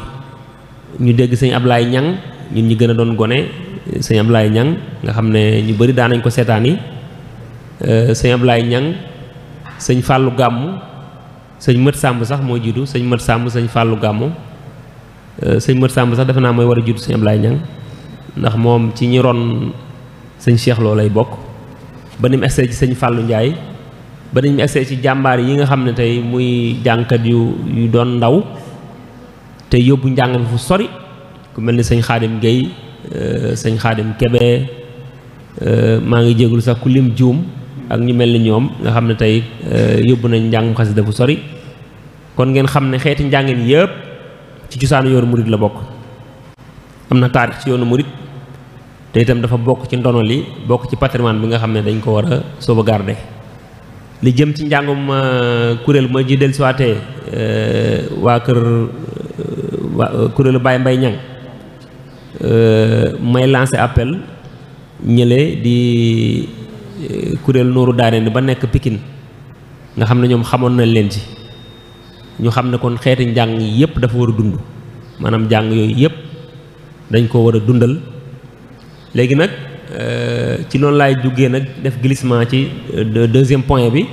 ñu dégg sëñ Ablaye Ñang ñun ñu gën a doon gone sëñ Ablaye nga xam ne ñu bëri daanañ ko seetaan yi sëñ Ablaye Ñang sëñ fàllu gàmmu sëñ mët sàmb sax mooy juddu sëñ mët sàmb sëñ fàllu gàmmu euh, sëñ mët sàmb sax defe naa mooy war a juddu sëñ Ablaye Niang ndax moom ci ñi ron sëñ Cheikh lay bokk ba ni mu egsee ci sëñ Fallou Ndiaye ba ni mu egsee jàmbaar yi nga xam ne tey muy jànkat yu yu doon ndaw te yóbbu njàng mi fu sori ku mel ni sëñ Xaadim Guèye euh, sëñ Xaadim Kebe euh, maa ngi jégul sax ku lim juum ak ñu mel ni ñoom nga xam ne tey euh, yóbbu nañ njàngum xasida fu sori kon ngeen xam ne xeeti njàngin yëpp ci cosaanu yoonu murit la bokk am na taarix ci yoonu murit te itam dafa bokk ci ndono li bokk ci patrimoine bi nga xam ne dañ ko war a sauvegarder li jëm ci njàngum euh, kuréel ma ji dellusiwaatee euh, waa kër kuréelu Baye Mbaye Niang may lancer appel ñële di kuréel nooru daare ni ba nekk pikin nga xam ne ñoom xamoon nañ leen ci ñu xam ne kon xeeti njàng yëpp dafa war a dund maanaam njàng yooyu yëpp dañ ko war a dundal léegi nag euh, ci noonu laay jugee nag def glissement ci euh, deux deuxième point bi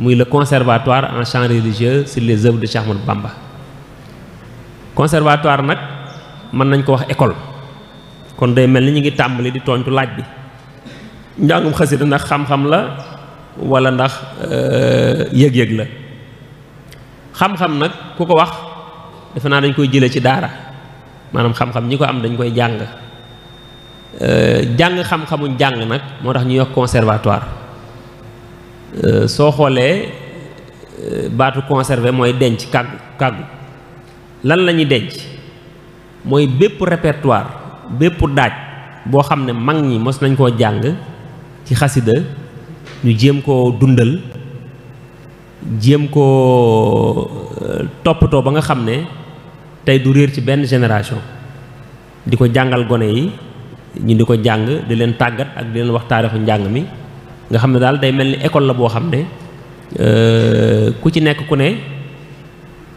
muy le conservatoire en chant religieux sur les œuvres de Cheikh Ahmadou Bamba conservatoire nag mën nañ ko wax école kon day mel ni ñu ngi tàmbali di tontu laaj bi njàngum xasida ndax xam-xam la walla ndax euh, yëg-yëg la xam-xam nag ku ko wax defe naa dañ koy jële ci daara maanaam xam-xam ñi ko am dañu koy jàng euh, jàng xam-xamuñ jàng nag moo tax ñuy wax conservatoire euh, soo xoolee baatu conservé mooy denc kàggu kàggu lan lañuy denc mooy bépp répertoire bépp daaj boo xam ne mag ñi mos nañ koo jàng ci xasida ñu jéem koo dundal jéem ko euh, toppatoo ba nga xam ne tey du réer ci benn génération di ko jàngal gone yi ñu di ko jàng di leen tàggat ak di leen wax taarixu njàng mi nga xam ne daal day mel ni école la boo xam ne euh, ku ci nekk ku ne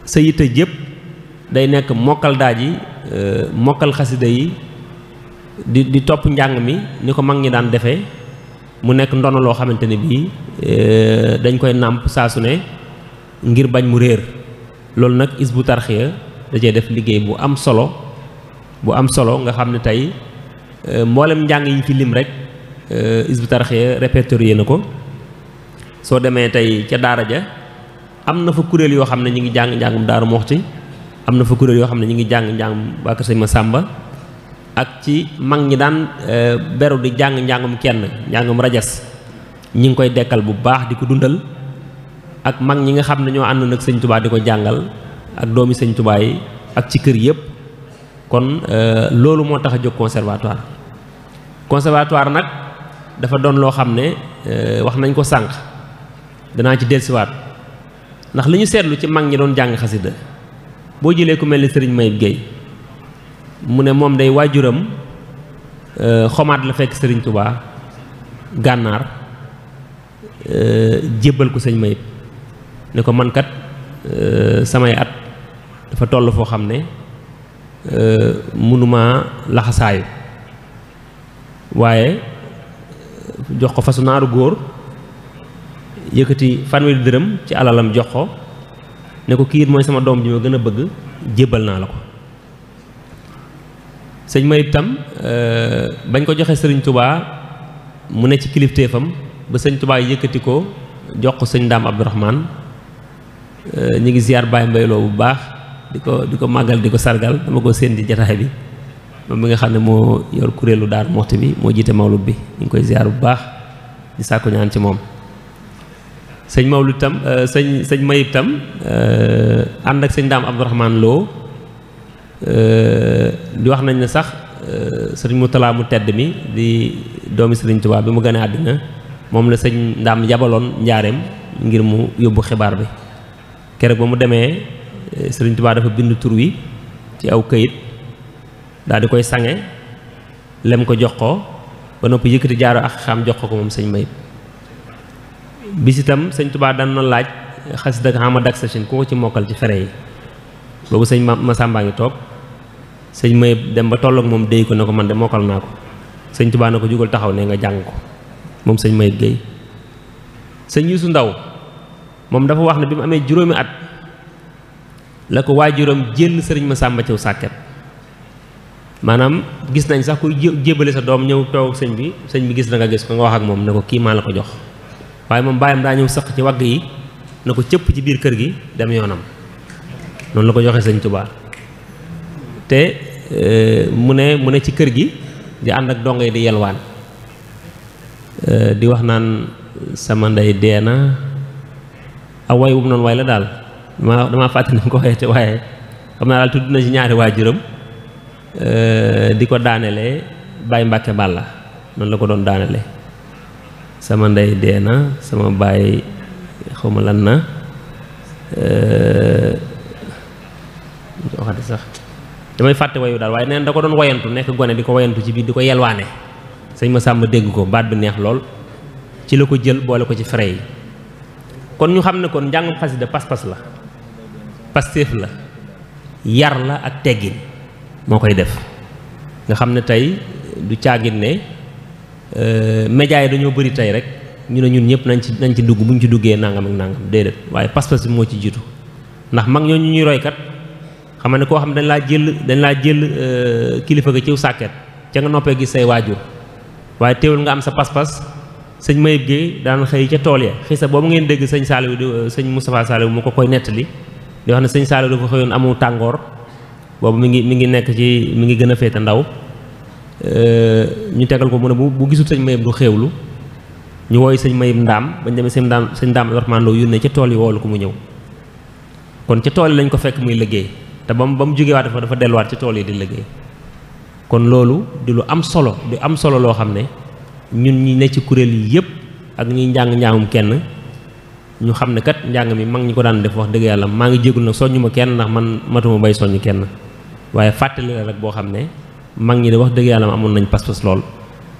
sa yitte jëpp day nekk mokkal daaj yi euh, mokkal xasida yi di di topp njàng mi ni ko mag ñi daan defee mu nekk ndono loo xamante ne bii eh, dañ koy nàmp saa su ne ngir bañ mu réer loolu nag bu Tarqiyyah da cee def liggéey bu am solo bu am solo nga xam ne tey eh, mboolem njàng yi fi lim rek Hizbut eh, Tarqiyyah répertorié na ko soo demee tey ca daara ja am na fa kuréel yoo xam ne ñu ngi jàng njàngum Daaru Muxti am na fa kuréel yoo xam ne ñu ngi jàng njàngum waa Kër ma sàmba ak ci mag ñi daan e, beru di jàng njàngum kenn njàngum rajas ñi ngi koy dekkal bu baax di ko dundal ak mag ñi nga xam ne ñoo àndoon ak sëñ tubaa di ko jàngal ak doomi sëñ tubaa ak ci kër yëpp kon e, loolu moo tax a jóg conservatoire conservatoire nag dafa doon loo xam ne e, wax nañ ko sànq danaa ci delsiwaat ndax li ñu seetlu ci mag ñi doon jàng xasida boo jëlee ku mel ni sëriñ may Guèye mu ne moom day waajuram euh, xomaat la fekk sëriñ tubaa gànnaar euh, jébbal ko sëñ mayib ne ko mankat euh, samay at dafa toll foo xam ne mënuma laxasaayu waaye jox ko fasu naaru góor yëkkati fanweeri dërëm ci alalam jox ko ne ko kiir mooy sama doom ji ma gën a bëgg jébbal naa la ko sëñ Mayib tam euh, bañ ko joxee sëriñ tubaa mu ne ci kilifteefam ba sëñ tubaa yëkkati ko jox ko sëñ daam abdourahman euh, ñu ngi ziar Baye Mbayloo bu baax di ko di ko màggal di ko sargal dama ko seen di jataay bi moom mi nga xam ne moo yor kuréelu daar moxti bi moo jiite mawlud bi ñu ngi koy ziar bu baax di sàkku ci moom sëñ mawlud tam euh, sëñ sëñ Mayib tam ànd ak sëñ daam abdourahman loo Euh, di wax nañ ne sax euh, sëriñ mu talaa mu tedd mi di doomi sëriñ Tuubaa bi mu gën àddina moom la sëñ ndaam yabaloon njaareem ngir mu yóbbu xibaar bi keroog ba mu demee euh, sëriñ Tuubaa dafa bind tur wi ci aw kayit daal di koy sange lem ko jox ko ba noppi yëkkati jaaro ak xam jox ko ko moom sëñ Mayib bis itam sëñ Tuubaa daan na laaj xasida ak xama dak ko ci mokkal ci fere yi boobu sëñ Masamba ngi toog sëñ may dem ba tollook moom déy ko ne ko man de mokkal naa ko sëñ Tuubaa na ko jugal taxaw ne nga jàng ko moom sëñ Mayib Guèye sëñ Yuusu Ndaw moom dafa wax ne bi mu amee juróomi at la ko juróom jénn sëriñ ma sàmba ciw sàkket maanaam gis nañ sax kuy jébale sa doom ñëw toog sëñ bi sëñ bi gis na nga gis ko nga wax ak moom ne ko kii maa la ko jox waaye moom bàyyam daa ñëw sëq ci wagg yi ne ko cëpp ci biir kër gi dem yoonam noonu la ko joxee sëñ Tuubaa té euh mune mune ci kër gi di and ak dongay di yelwaan eh, di wax naan sama ndey deena na aw way wum noonu waay la dal dama dama fàtte ni ko waye waaye xam naa na ci ñaari wajuram eh, di diko daanele bay mbacké balla non la ko don daanele sama ndey deena sama bay xawma lan na eh, waxati damay fàtte wayu dal waye neen da ko don wayantu nek goné di ko wayantu ci biir di yelwané seigne sëñ ma sàmm dégg ko baat bi neex lol ci lako jël bolé ko ci kon ñu xamné kon njàngum xasida pas-pas la pastéef la yar la ak téggine mo koy def nga xamné tay du caagin ne euh, média yi dañu bëri tay rek ñu né ñun ñëpp nañ ci nañ ci dugg buñ ci duggé nangam ak nangam dédé waye pas-pas mo ci jitu ndax mag ñoo ñuy roy kat xam ne koo xam dañ laa jël dañ laa jël euh, kilifa ga ciw sàkket ca nga noppee gis say waajur waaye teewul nga am sa pas-pas sëñ Mayib Guèye daan xëy ca tool ya sa boobu ngeen dégg sëñ Saliou di euh, sëñ Moustapha Saliou mu ko koy nettali di wax ne sëñ Saliou dafa xëyoon amu tàngoor boobu mi ngi mi ngi nekk ci mu ngi gën a féete ndaw euh, ñu tegal ko mu ne bu bu gisul sëñ Mayib du xéewlu ñu wooy sëñ Mayib ndaam bañ demee sëñ ndaam sëñ ndaam Abdourahmane Lo yónnee ca tool yi woolu ko mu ñëw kon ca tool lañ ko fekk muy liggéey te ba mu ba mu jógewaat fa dafa delluwaat ci tool yi di liggéey kon loolu di lu am solo bi am solo loo xam ne ñun ñi ne ci kuréel yi yëpp ak ñuy njàng njàngum kenn ñu xam ne kat njàng mi mag ñi ko daan def wax dëgg yàlla maa ngi jégul nag soññu ma kenn ndax man matuma bay soññ kenn waaye fàttali la rek boo xam ne mag ñi de wax dëgg yàlla amoon nañ pas-pas lool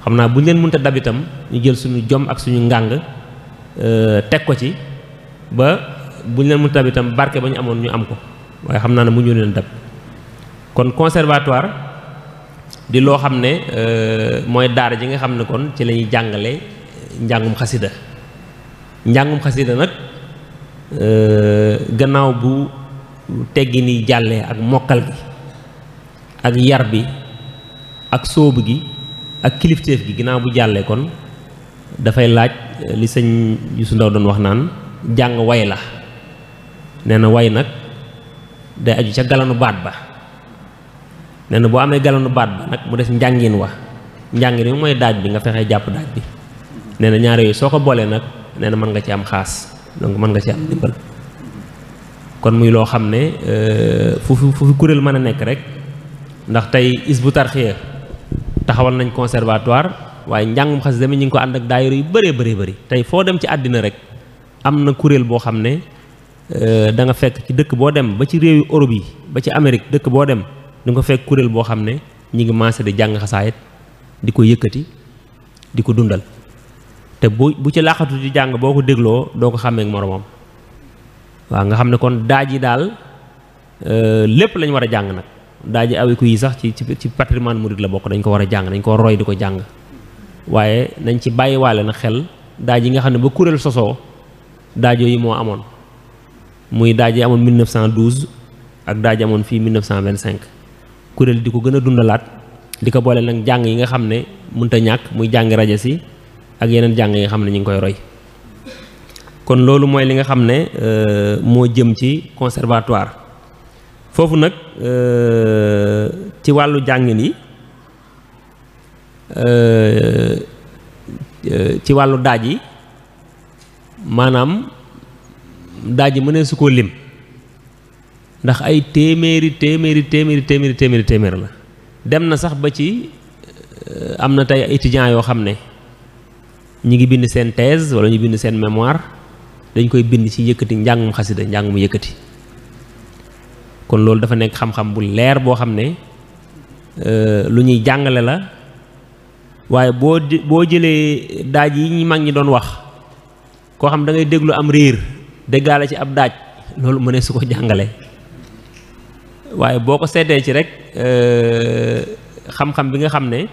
xam naa bu ñu leen mënta dab itam ñu jël suñu jom ak suñu ngàng euh, teg ko ci ba bu ñu leen mënta barke ba ñu amoon ñu am ko waaye xam naa ne mu ñu leen dab kon conservatoire di loo xam ne euh, mooy daara ji nga xam ne kon ci lañuy jàngale njàngum xasida njàngum xasida nag euh, gannaaw bu teggi ni jàlle ak mokkal gi ak yar bi ak sóobu gi ak kilifteef gi ginnaaw bu jàllee kon dafay laaj euh, li sëñ Youssou Ndaw doon wax naan jàng way la nee na way nag da aju ca galanu bat ba nee na boo amee galanu bat ba nak mu def njàngin wa njàngin bi mooy daaj bi nga fexé japp daj bi nee na ñaar yoy soko bolé nak nag na nga ci am khas donc man nga ci am dimbal kon muy lo xamné euh fu fu kurel mana nek rek ndax tay isbu tarxiya taxawal nañ conservatoire waye njangum xass mi ñing ko and ak daayru yu bëré bëré bëré tay fo dem ci adina rek am na bo xamné Euh, da nga fekk ci dëkk boo dem ba ci réewi Europe yi ba ci Amérique dëkk boo dem di ko fekk kuréel boo xam ne ñu ngi maase di jàng xasaayit di ko yëkkati di ko dundal te bu bu ci laaxatu di jàng boo ko dégloo doo ko xàmmeek moroomam waaw nga xam ne kon daaj yi daal euh, lépp lañu war a jàng nag daaji awiku yi sax ci ci patrimoine murid la bokk dañ ko war a jàng dañ ko roy di ko jàng waaye nañ ci bàyyiwaale na xel daaj yi nga xam ne ba kuréel sosoo daajoo yi moo amoon muy daaj yi amoon 1912 ak daaj yi amoon fii 1925 kuréel di ko gën a dundalaat di ko boole nag jàng yi nga xam ne mënta ñàkk muy jàng rajo si ak yeneen jàng yi nga xam ne ñu ngi koy roy kon loolu mooy li nga xam ne euh, moo jëm ci conservatoire foofu nag euh, ci wàllu jàngin yi euh, ci wàllu daaj yi maanaam daaj mënee su koo lim ndax ay téeméeri téeméeri téeméeri téeméeri téeméeri téeméer la dem na sax ba ci euh, am na tey étudiants yoo xam ne ñi ngi bind seen thèse wala ñu bind seen mémoire dañ koy bind ci yëkkati njàngum xasida njàngum yëkkati kon loolu dafa nekk xam-xam bu leer boo xam ne euh, lu ñuy jàngale la waaye boo boo jëlee daaj yi ñu mag ñi doon wax koo xam da ngay déglu am réer dëggaale ci ab daaj loolu mu ne su ko jàngale waaye boo ko seetee ci rek euh, xam-xam bi nga xam ne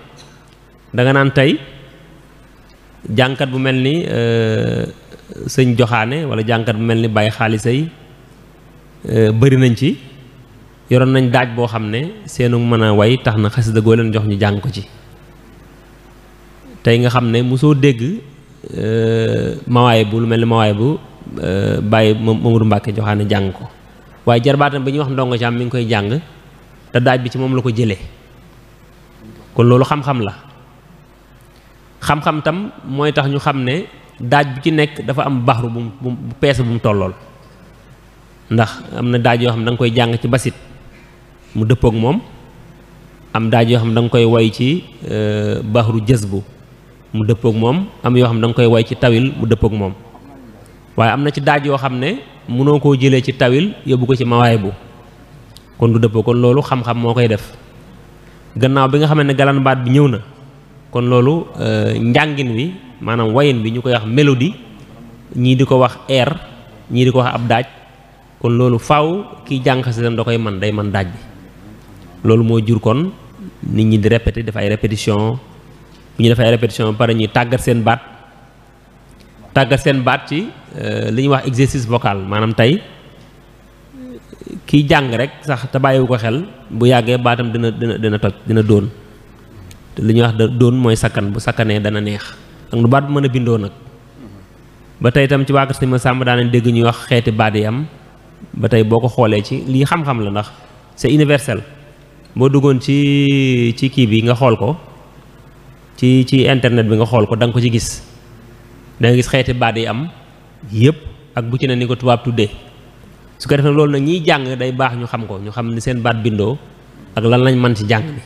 danga naan tey jànkat bu mel ni euh, sëñ joxaane wala jànkat bu mel ni bàyyi xaalisa yi euh, bëri nañ ci yoroon nañ daaj boo xam ne seenu mën a way tax na xasida goo leen jox ñu jàng ko ci tey nga xam ne mosoo dégg mawaaye bu mel ni mawaaye bu Euh, bàyyi Mamadou Mbacke joxaane jàng ko waaye jarbaatam bi ñuy wax ndongo jam mi ngi koy jàng te daaj bi ci moom la ko jëlee kon loolu xam-xam la xam-xam tam mooy tax ñu xam ne daaj bu ci nekk dafa am baxru bu mu peese bu mu tollool ndax am na daaj yoo xam ne da koy jàng ci basit mu dëppook moom am daaj yoo xam ne da nga koy way ci euh, baxru jës bu mu dëppook moom am yoo xam ne da koy way ci tawil mu dëppook moom waaye am na ci daaj yoo xam ne mënoo koo jëlee ci tawil yóbbu ko ci mawaay bu kon du dëppoo kon loolu xam-xam moo koy def gannaaw bi nga xam ne galan baat bi ñëw na kon loolu euh, njàngin wi maanaam wayin bi ñu koy wax mélodie ñii di ko wax air ñii di ko wax ab daaj kon loolu faw kiy jàng xasitam da koy man day man daaj bi loolu moo jur kon nit ñi di répété def ay répétition bu ñu def ay répétition pare ñuy tàggat seen baat tàggat seen baat ci Euh, li ñuy wax exercice vocal maanaam tey kiy jàng rek sax te bàyyiwu ko xel bu yàggee baatam dina dina dina toj dina doon te li ñuy wax doon mooy sakkan bu sakkanee dana neex ak nu baat bu mën a bindoo nag mm-hmm. ba tey tam ci waa Kër Samba daan dégg ñuy wax xeeti baat yi am ba tey boo ko xoolee ci lii xam-xam la ndax c'est universel boo duggoon ci ci kii bi nga xool ko ci ci internet bi nga xool ko da nga ko ci gis da nga gis xeeti baat yi am. yëpp ak bu na ne ni ko tubaab tuddee su ko defee loolu na ñiy jàng day baax ñu xam ko ñu xam ni seen baat bindoo ak lan lañ mën ci jàng ni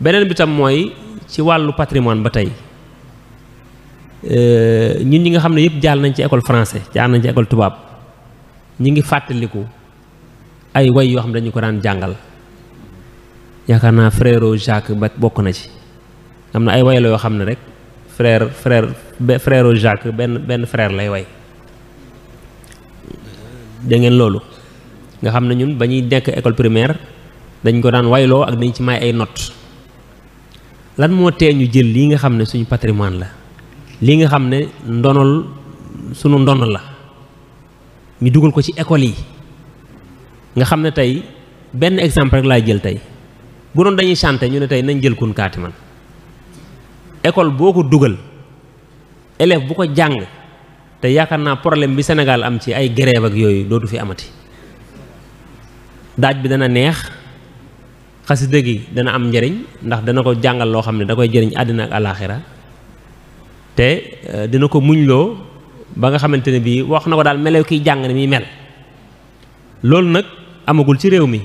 beneen bi tam mooy ci wàllu patrimoine ba tey euh, ñun ñi nga xam ne yëpp jaar nañ ci école français jaar nañ ci école tubaab ñi ngi fàttaliku ay way yoo xam ne dañu ko daan jàngal yaakaar naa frère Jacques ba bokk na ci am na ay way yoo xam ne rek frère frère frère Jacques benn benn frère lay way dangeen loolu nga xam ne ñun ba ñuy nekk école primaire dañ ko daan wayloo ak dañ ci may ay notes lan moo tee ñu jël lii nga xam ne suñu patrimoine la lii nga xam ne ndonol sunu ndonol la ñu dugal ko ci école yi nga xam ne tey benn exemple rek laay jël tey bu doon dañuy chanter ñu ne tey nañ jël kun kaati man école boo ko dugal élève bu ko jàng te yaakaar naa problème bi Sénégal am ci ay grève ak yooyu dootu fi amati daaj bi dana neex xasida gi dana am njëriñ ndax dana ko jàngal loo xam ne da koy jëriñ àddina ak alaaxira te euh, dina ko muñloo ba nga xamante ne bii wax na ko daal melew kiy jàng ni muy mel loolu nag amagul ci réew mi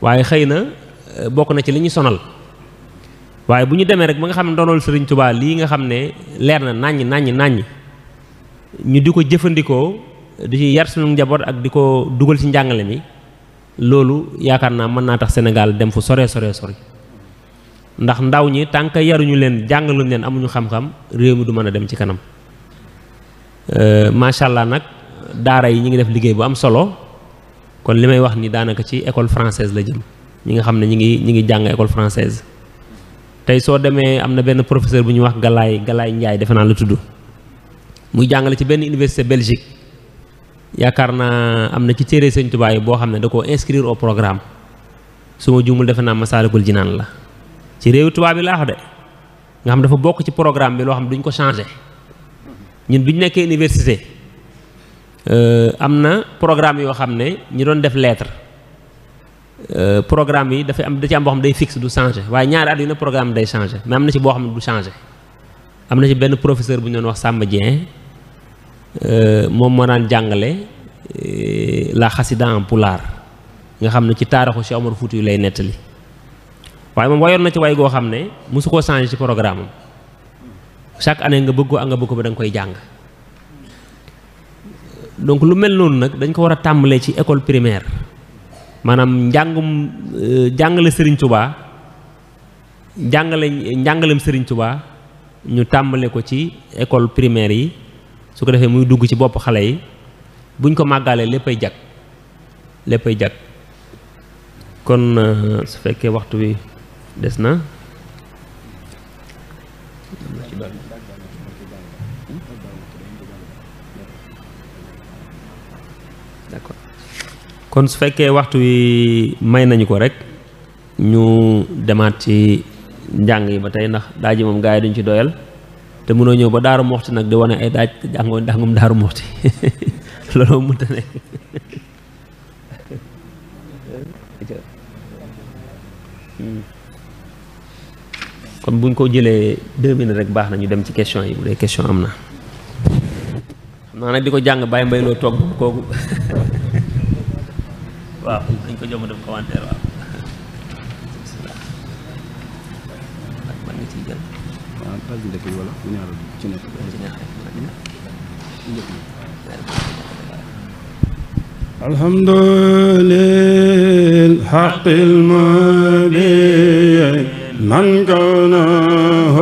waaye xëy na euh, bokk na ci li ñu sonal waaye bu ñu demee rek ba nga xam ne ndonool Sëriñ Tuubaa lii nga xam ne leer na naññ naññ naññ ñu di ko jëfandikoo di ci yar suñu njaboot ak di ko dugal ci njàngale mi loolu yaakaar naa mën naa tax Sénégal dem fu sore sore sore ndax ndaw ñi tànk yaruñu leen jàngaluñ leen amuñu xam-xam réew mi du mën a dem ci kanam euh, macha allah nag daara yi ñu ngi def liggéey bu am solo kon li may wax ni daanaka ci école française la jëm ñi nga xam ne ñi ngi ñi ngi jàng école française tey soo demee am na benn professeur bu ñuy wax Galaay Galaay Njaay defe naa la tudd muy jàngale ci benn université Belgique yaakaar naa am na ci téere Sëñ Tuubaa yi boo xam ne da koo inscrire au programme su ma juumul defe naa Masaalikul naan la ci réew tubaab bi laa wax de nga xam dafa bokk ci programme bi loo xam ne duñ ko changé ñun bi ñu nekkee université euh, am na programme yoo xam ne ñi doon def lettre Euh, programme yi dafay am da ci am bo xam day fixe du changer waye ñaar at yu ne programme day changer mais amna ci bo xam du changer amna ci ben professeur bu ñu wax Samba euh mom mo nan jangalé euh, la khassida en poular nga xam ci tarikhu Cheikh Omar foutu lay netali waye mom wayon na ci way go xam ne mosu ci programme chaque année nga bëgg ak nga bëgg ba dang koy jang donc lu mel non nak dañ ko wara tambalé ci école primaire maanaam njàngum euh, jàngale Serigne Touba njàngale njàngalem Serigne Touba ñu tàmbale ko ci école primaire yi su ko defee muy dugg ci bopp xale yi buñ ko màggalee léppay jag ay jag kon euh, su fekkee waxtu wi des na. kon su fekkee waxtu yi may nañu ko rek ñu demaat ci njàng yi ba tey ndax daaj yi moom gaa yi duñ ci doyal te mënoo ñëw ba daaru moxti nag di wane ay daaj jàngoo njàngum daaru moxti loolu <laughs> mënta nekk kon buñ ko jëlee deux rek baax na ñu dem ci question yi bu dee question am na xam nag di ko jàng bàyyi mbay loo toog kooku <laughs> waaw dañ ko jomb def commentaire waaw man nga ciy jël waaw page bu njëkk bi wala bu ñaar ci nekk ci nekk الحمد للحق المبين من كونه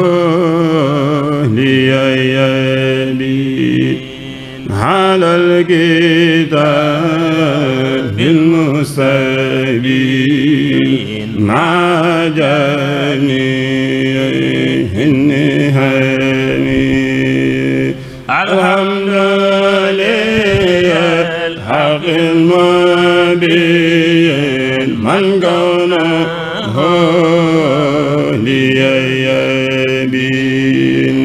ليبين على الكتاب بالمستبين مع جميع النهام الحمد للحق المبين من كونه ليبين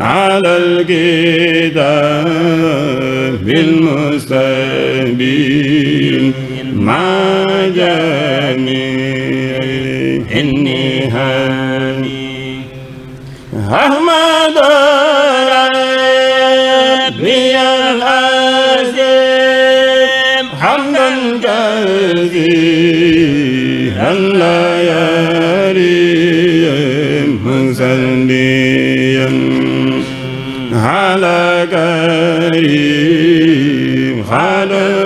على الكتاب المستبين مع جميع النهام أحمد ربي العظيم حمدا جزيلا لا يريم سليا على كريم خالد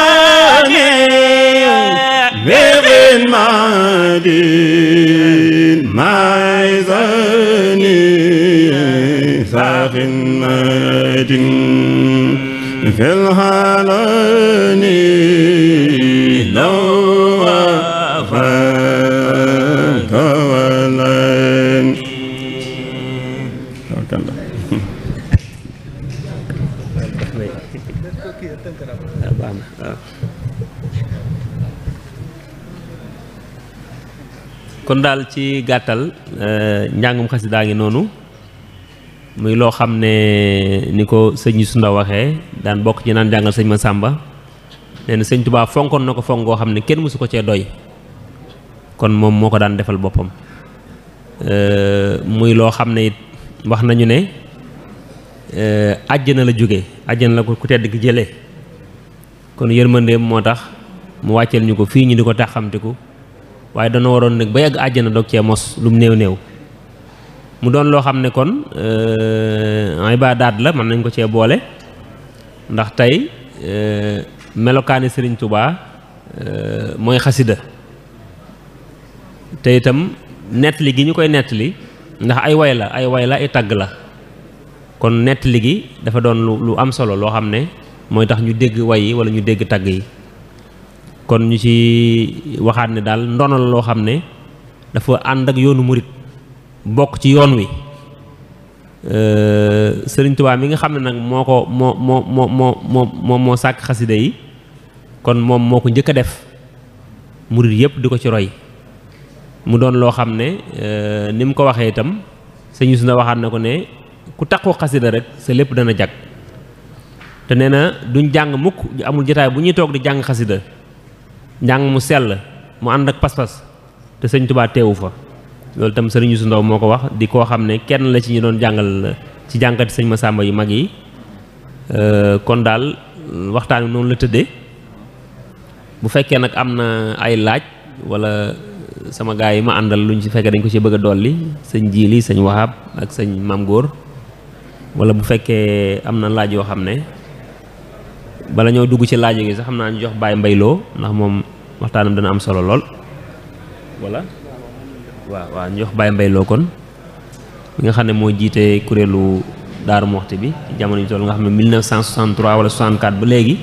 دين ما زاني ساخ مدين في الحلال لو kon daal ci gàttal euh, njàngum xasidaa ngi noonu muy loo xam ne ni ko sëñ Youssou Ndaw waxee daan bokk ci naan jàngal sëñ ma sàmba na sëñ Touba fonkoon na ko fonk goo xam ne kenn mësu ko cee doy kon moom moo ko daan defal boppam euh, muy loo xam ne it wax nañu ne euh, àjjana la jóge àjjana la ko ku tedd ki jëlee kon yërmandeem moo tax mu wàcceel ñu ko fii ñu di ko taxamtiku waaye dañoo waroon nag ba yegg àjjana dog cee mos lu néew néew mu doon loo xam ne kon euh, ibaadaat la mën nañ ko cee boole ndax tey euh, melokaani Sëriñ Tubaa euh, mooy xasida te itam nettali gi ñu koy nettali ndax ay way la ay way la ay tagg la kon nettali gi dafa doon lu am solo loo xam ne mooy tax ñu dégg way yi walla ñu dégg tagg yi kon ñu ci waxaat ne daal ndono la loo xam ne dafa ànd ak yoonu murit bokk ci yoon wi euh, sëriñ Tuubaa mi nga xam ne nag moo ko moo moo moo moo moo sàkk xasida yi kon moom moo ko njëkk a def murit yëpp di ko ci roy mu doon loo xam ne euh, ni mu ko waxee itam sëñ su na waxaat na ko ne ku taqu xasida rek sa lépp dana jag te nee na duñ jàng mukk amul jataay bu ñuy toog di jàng xasida njang mu sell mu and ak pas-pas te seigne touba tewu fa lolou tam sëriñ Youssou Ndaw moko wax di ko xamne kenn la ci ñu doon jangal ci jànkati seigne massa mbay magi euh kon dal waxtaan non la tëddee bu fekke nak amna ay laaj wala sama gaay ma andal luñ ci fekke dañ ko ci bëgg doli seigne jili seigne Wahab ak seigne mam gor wala bu fekke amna laaj yo xamne bala ñoo dugg ci laaj gi sax xam naa ñu jox Baye mbayloo ndax moom waxtaan waxtaanam dana am solo lool wala waaw waaw ñu jox Baye mbayloo Lo kon bi nga xam ne moo jiite kuréelu Daaru Muxti bi jamono ji toll nga xam ne 1963 wala 64 ba léegi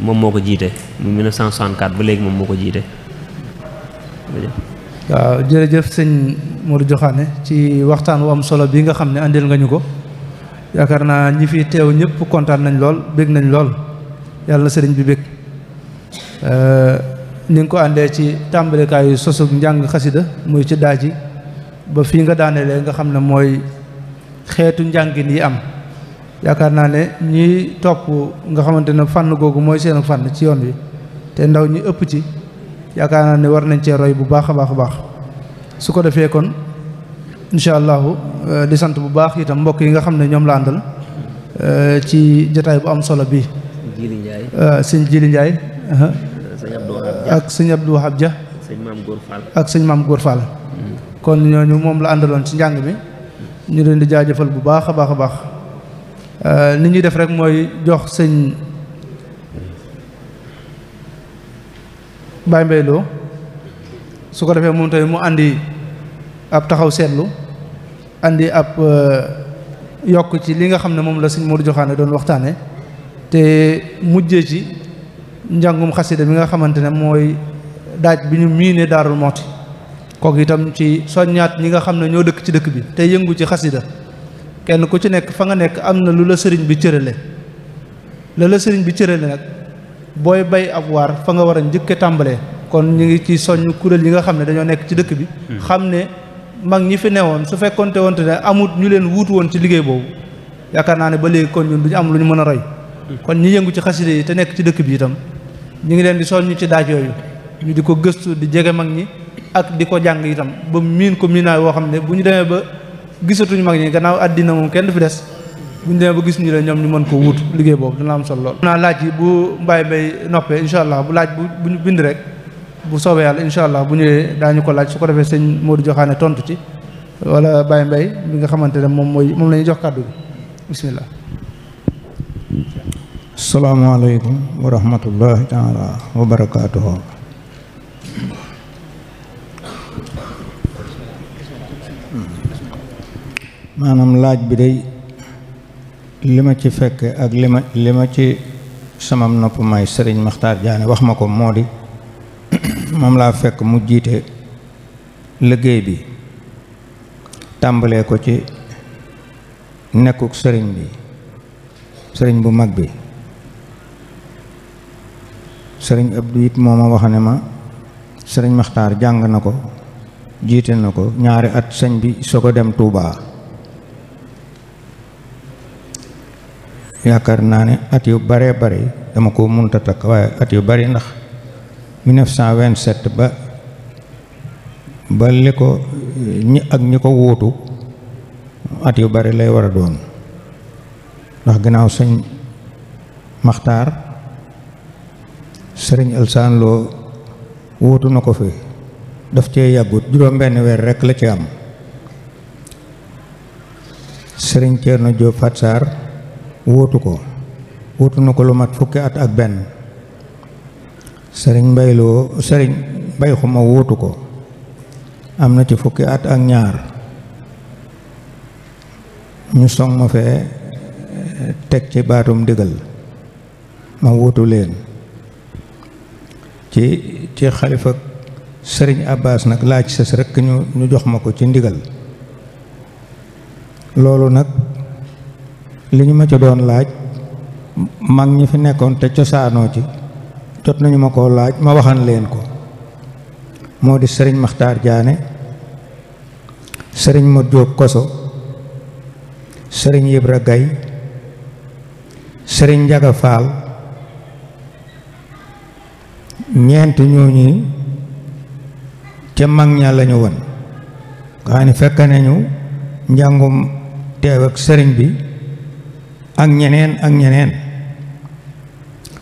moom moo ko jiite mu 1964 ba léegi moom moo ko jiite waaw jërëjëf sëñ Modou Joxaane ci waxtaan wu am solo bi nga xam ne andil nga ñu ko yaakaar naa ñi fi teew ñëpp kontaan nañ lool bég nañ lool yàlla na sëriñ bi bég euh, ni nga ko àndee ci tàmbalikaayu sosug njàng xasida muy ci daaji ba fii nga daanelee nga xam ne mooy xeetu njàngin yi am yaakaar naa ne ñi topp nga xamante ne fànn googu mooy seen fànn ci yoon wi te ndaw ñi ëpp ci yaakaar naa ne war nañ cee roy bu baax a baax a baax su ko defee kon incha allahu eh, di sant bu baax itam mbokk yi nga xam ne ñoom la àndal eh, ci jataay bu am solo bi eh, sëñ Jili Ndiaye ak sëñ Abdou Wahab Dia ak sëñ Maam Góor Fall mm. kon ñooñu moom la àndaloon ci njàng mi ñu leen di jëfal bu baax a baax a baax ni ñuy def rek mooy jox sëñ Baye Mbaye su ko defee moom tamit mu àndi ab taxaw seetlu andi ab euh, yokk ci li nga xam ne moom la sëñ Modou Joxaane doon waxtaane te mujjee ci njàngum xasida bi nga xamante ne mooy daaj bi ñu miine daarul moot kook itam ci soññaat ñi nga xam ne ñoo dëkk ci dëkk bi te yëngu ci xasida kenn ku ci nekk fa nga nekk am na lu la sëriñ bi cërale la la sëriñ bi cërale nag booy bay ab waar fa nga war a njëkke tàmbalee kon ñu ngi ci soññ kuréel yi nga xam ne dañoo nekk ci dëkk bi hmm. xam ne mag ñi fi newoon su fekkonte woon te ne amut ñu leen wuutu woon ci liggéey boobu yaakaar naa ne ba léegi kon ñun du ñu am lu ñu mën a roy kon ñi yëngu ci xaside yi te nekk ci dëkk bi tam ñu ngi leen di ñu ci daaj yooyu ñu di ko gëstu di jege mag ñi ak di ko jàng itam ba miin ko miinaay woo xam ne bu ñu demee ba gisatuñu mag ñi gannaaw àddina moom kenn du fi des bu ñu demee ba gis ñu leen ñoom ñu mën ko wut liggéey boobu dina am solo lool. naa yi bu mbaay mbay noppee incha allah bu laaj bu bu ñu bind rek bu soobee yàlla incha allah bu ñëwee daañu ko laaj su ko defee sëñ Modou Joxaane tontu ci wala Baye mbay bi nga xamante ne moom mooy moom la ñuy jox kàddu bi bisimilah. salaamaaleykum wa rahmatullahi taala wa maanaam laaj bi day li ma ci fekk ak li ma li ma ci samam nopp may Serigne Makhtar Diané wax ma ko moo di. mom la fekk mu jité liggéey bi tambalé ko ci nekkuk sëriñ bi sëriñ bu mag bi sëriñ Abdou it moma ma ma sëriñ makhtar jang nako jité nako ñaari at sëñ bi soko dem Touba yakarna ne at yu bare bare dama ko munta tak way at yu bare ndax 1927 ba ba li ko ñi ak ñi ko wuutu at yu bari lay war a doon ndax ginnaaw sëñ Maxtaar sëriñ Alsaan Lo wuutu na ko fi daf cee yàggut juróom benn weer rekk la ci am sëriñ Ceerno Jóob Fatsar wuutu ko wuutu na ko lu mat fukki at ak benn sëriñ mbayloo sëriñ mbay xuma wuutu ko am na ci fukki at ak ñaar ñu song ma fee eh, teg ci baatum digal ma wuutu leen ci ci xalifa sëriñ Abbas nag laaj sës rekk ñu jox ma ko ci ndigal loolu nag li ñu ma ci doon laaj mag ñi fi nekkoon te cosaanoo ci jot nañu mako laaj ma waxan leen ko modi serigne makhtar maxtaar serigne modjo koso serigne Ibra Gay serigne jaga fall ñent ñooñu ca mag ña lañu won xaa ni nañu teew ak serigne bi ak ñeneen ak ñeneen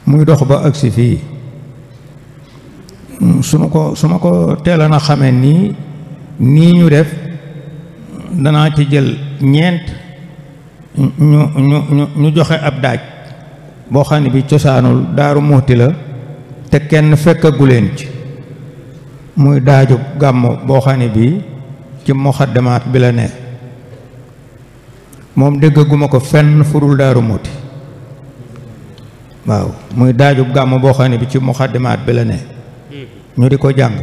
muy dox ba agsi fi su ma ko su ma ko teeloon a xamee nii nii ñu def danaa ci jël ñeent ñu ñu ñu joxe ab daaj boo xam ne bi cosaanul daaru muuti la te kenn fekkagu leen ci muy daaju gàmmu boo xam ne bi ci muxaddamaat bi la ne moom déggaguma ko fenn furul daaru muuti waaw muy daaju gàmmu boo xam ne bi ci muxaddamaat bi la ne ñu di ko jàng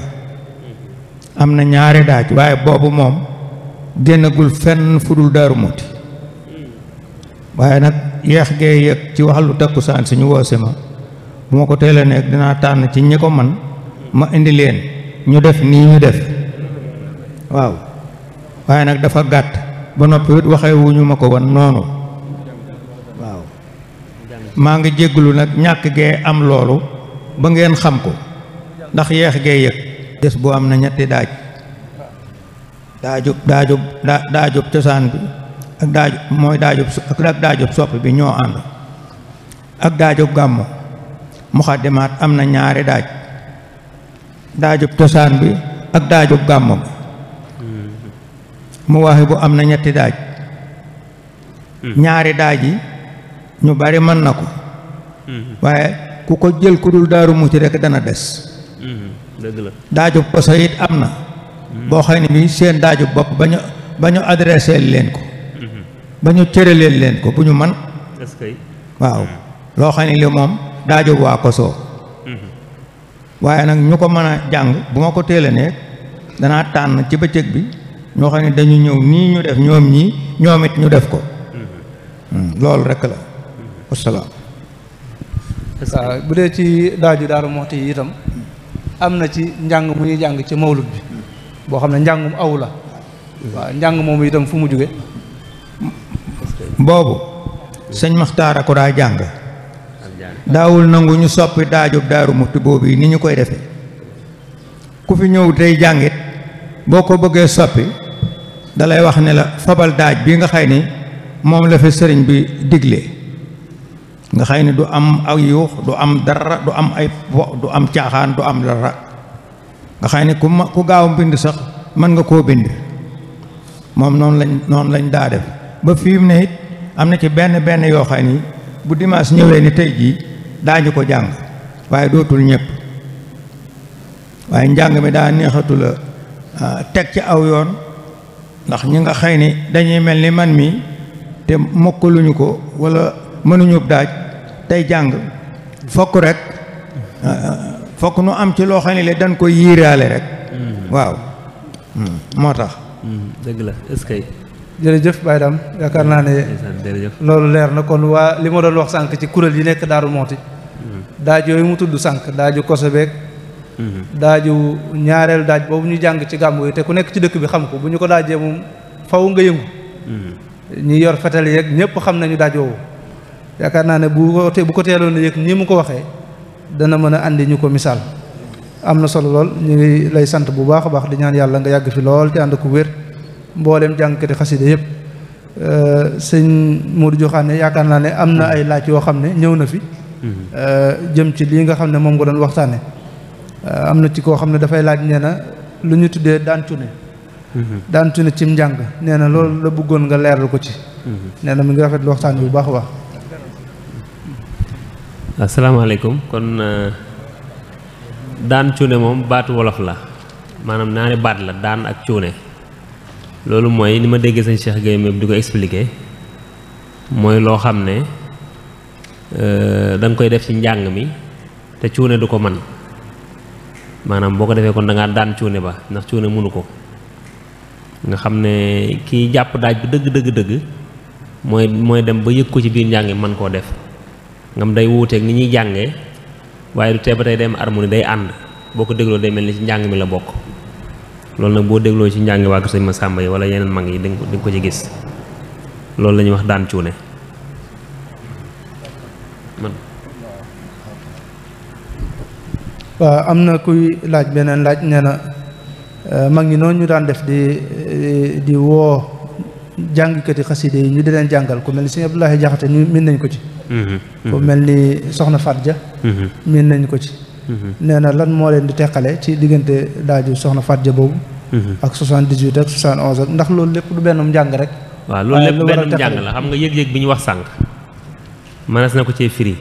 am na ñaari daaj waaye boobu moom génnagul fenn fu dul daaru muti waaye nag yeex gee yëg ci waxalu takkusaan si ñu woose ma bu ma ko teelee nekk dinaa tànn ci ñi ko man ma indi leen ñu def nii ñu def waaw waaye nag dafa gàtt ba noppi wit waxee ma ko wan noonu waaw maa ngi jégglu nag ñàkk gee am loolu ba ngeen xam ko ndax yeex gee yëg bés bu am na ñetti daaj daajub daajub daajub cosaan bi ak daajub mooy daajub sopp bi ñoo ànd ak daajub gàmmu muxaddimaat am na ñaari daaj daajub cosaan bi ak daajub gàmmu bi mu waxe bu am na ñetti daaj ñaari daaj yi ñu bari mën na ko mm-hmm. waaye ku ko jël ku dul daaru muti rekk dana des dëgg la daaju poso it am na boo xam ne bi seen daaju bopp ba ñu ba ñu adressé leen ko ba ñu cëraleel leen ko bu ñu man waaw loo xam ne li moom daaju waa kosoo waaye nag ñu ko mën a jàng bu ma ko téela ne danaa tànn ci bëccëg bi ñoo xam ne dañu ñëw nii ñu def ñoom ñii ñoom it ñu def ko hmm, loolu rek la wasalaam bu dee ci daaju daaru moxti yi itam am na ci njàng mu ñuy jàng ci mawlud bi boo xam ne njàngum aw la waaw njàng moomu itam fu mu jóge boobu sëñ Maxtaar a ko daay jàng daawul nangu ñu soppi daajub daaru muxti boobu yi ni ñu koy defe ku fi ñëw tey jàngit boo ko bëggee soppi dalay wax ne la fabal daaj bi nga xay ni moom la fi sëriñ bi digle nga xëy ne du am aw yuux du am dara du am ay po du am caaxaan du am dara nga xëy ne ku ma ku gaaw mbind sax mën nga koo bind moom noonu lañ noonu lañ daa def ba fii mu ne am na ci benn benn yoo xam bu dimanche ñëwee ni tey jii daañu ko jàng waaye dootul ñépp waaye njàng mi daa neexatu teg ci aw yoon ndax ñi nga xëy ni dañuy mel ni man mi te mokkaluñu ko wala mënuñu daaj tey jàng fokk rek ah, ah, fokk nu am ci loo xam ne dañ koy yiiraale rek mm-hmm. waaw mm, moo tax mm-hmm. dëgg la est-ce que jërëjëf Baye yaakaar naa ne loolu leer na kon waa li ma doon wax sànq ci kuréel yi nekk Daaru Mooti mm-hmm. daaj yooyu mu tudd sànq daaju koso beeg daaju ñaareel daaj boobu ñu jàng ci gàmmu yi te ku nekk ci dëkk bi xam ko bu ñu ko daajee moom faw nga yëngu ñi yor fetal rek ñëpp xam nañu daaj woowu yaakaar naa ne bu ko bu ko teeloon yëg nii mu ko waxee dana mën a andi ñu ko misaal am na solo lool ñu ngi lay sant bu baax a baax di ñaan yàlla nga yàgg fi lool te ko wér mbooleem jàngkati xasida yëpp euh, sëñ Modou Diokhané yaakaar naa ne am na ay laaj yoo xam ne ñëw na fi euh, jëm ci lii nga xam ne moom nga doon waxtaane euh, am na ci koo xam ne dafay laaj nee na lu ñu tuddee daantu ne daantu ne cim njàng nee na loolu la bëggoon nga leeral ko ci mm-hmm. nee na mu ngi rafet lu waxtaan bu baax a baax asalaamaaleykum kon euh, daan cuune moom baatu wolof la maanaam naa ne baat la daan ak cuune loolu mooy ni ma déggee sëñ Cheikh Gueye mépp di ko expliquer mooy loo xam ne euh, da nga koy def ci njàng mi te cuune du ko man maanaam boo ko defee kon da ngaa daan cuune ba ndax cuune mënu ko nga xam ne kii jàpp daaj bi dëgg dëgg dëgg mooy mooy dem ba yëg ko ci biir njàng mi man koo def ngam day wuuteek ni ñuy jànge waaye du tee ba tey day am harmonie day ànd boo ko dégloo day mel ni ci njàng mi la bokk loolu nag boo dégloo ci njàng waa sëñ ma sàmba yi wala yeneen mag yi di nga ko ci gis loolu la ñuy wax daan cuune man am na kuy laaj beneen laaj nee na eh, mag ñi noonu ñu daan def di di woo jàngkati xaside yi ñu di leen jàngal ko mel ni sëñ Abdoulaye Jaxate ñu min nañ ko ci ku mm-hmm. mel ni soxna ja mm-hmm. miin nañ ko ci mm-hmm. nee na lan moo leen di teqale ci diggante daaju soxna ja boobu ak soixante-dix-huit ak soixante-onze ak ndax loolu lépp du bennum njàng rek waaw loolu lépp bennum njàng la xam nga yëg-yëg bi ñu wax sànq mënees na ko cee firi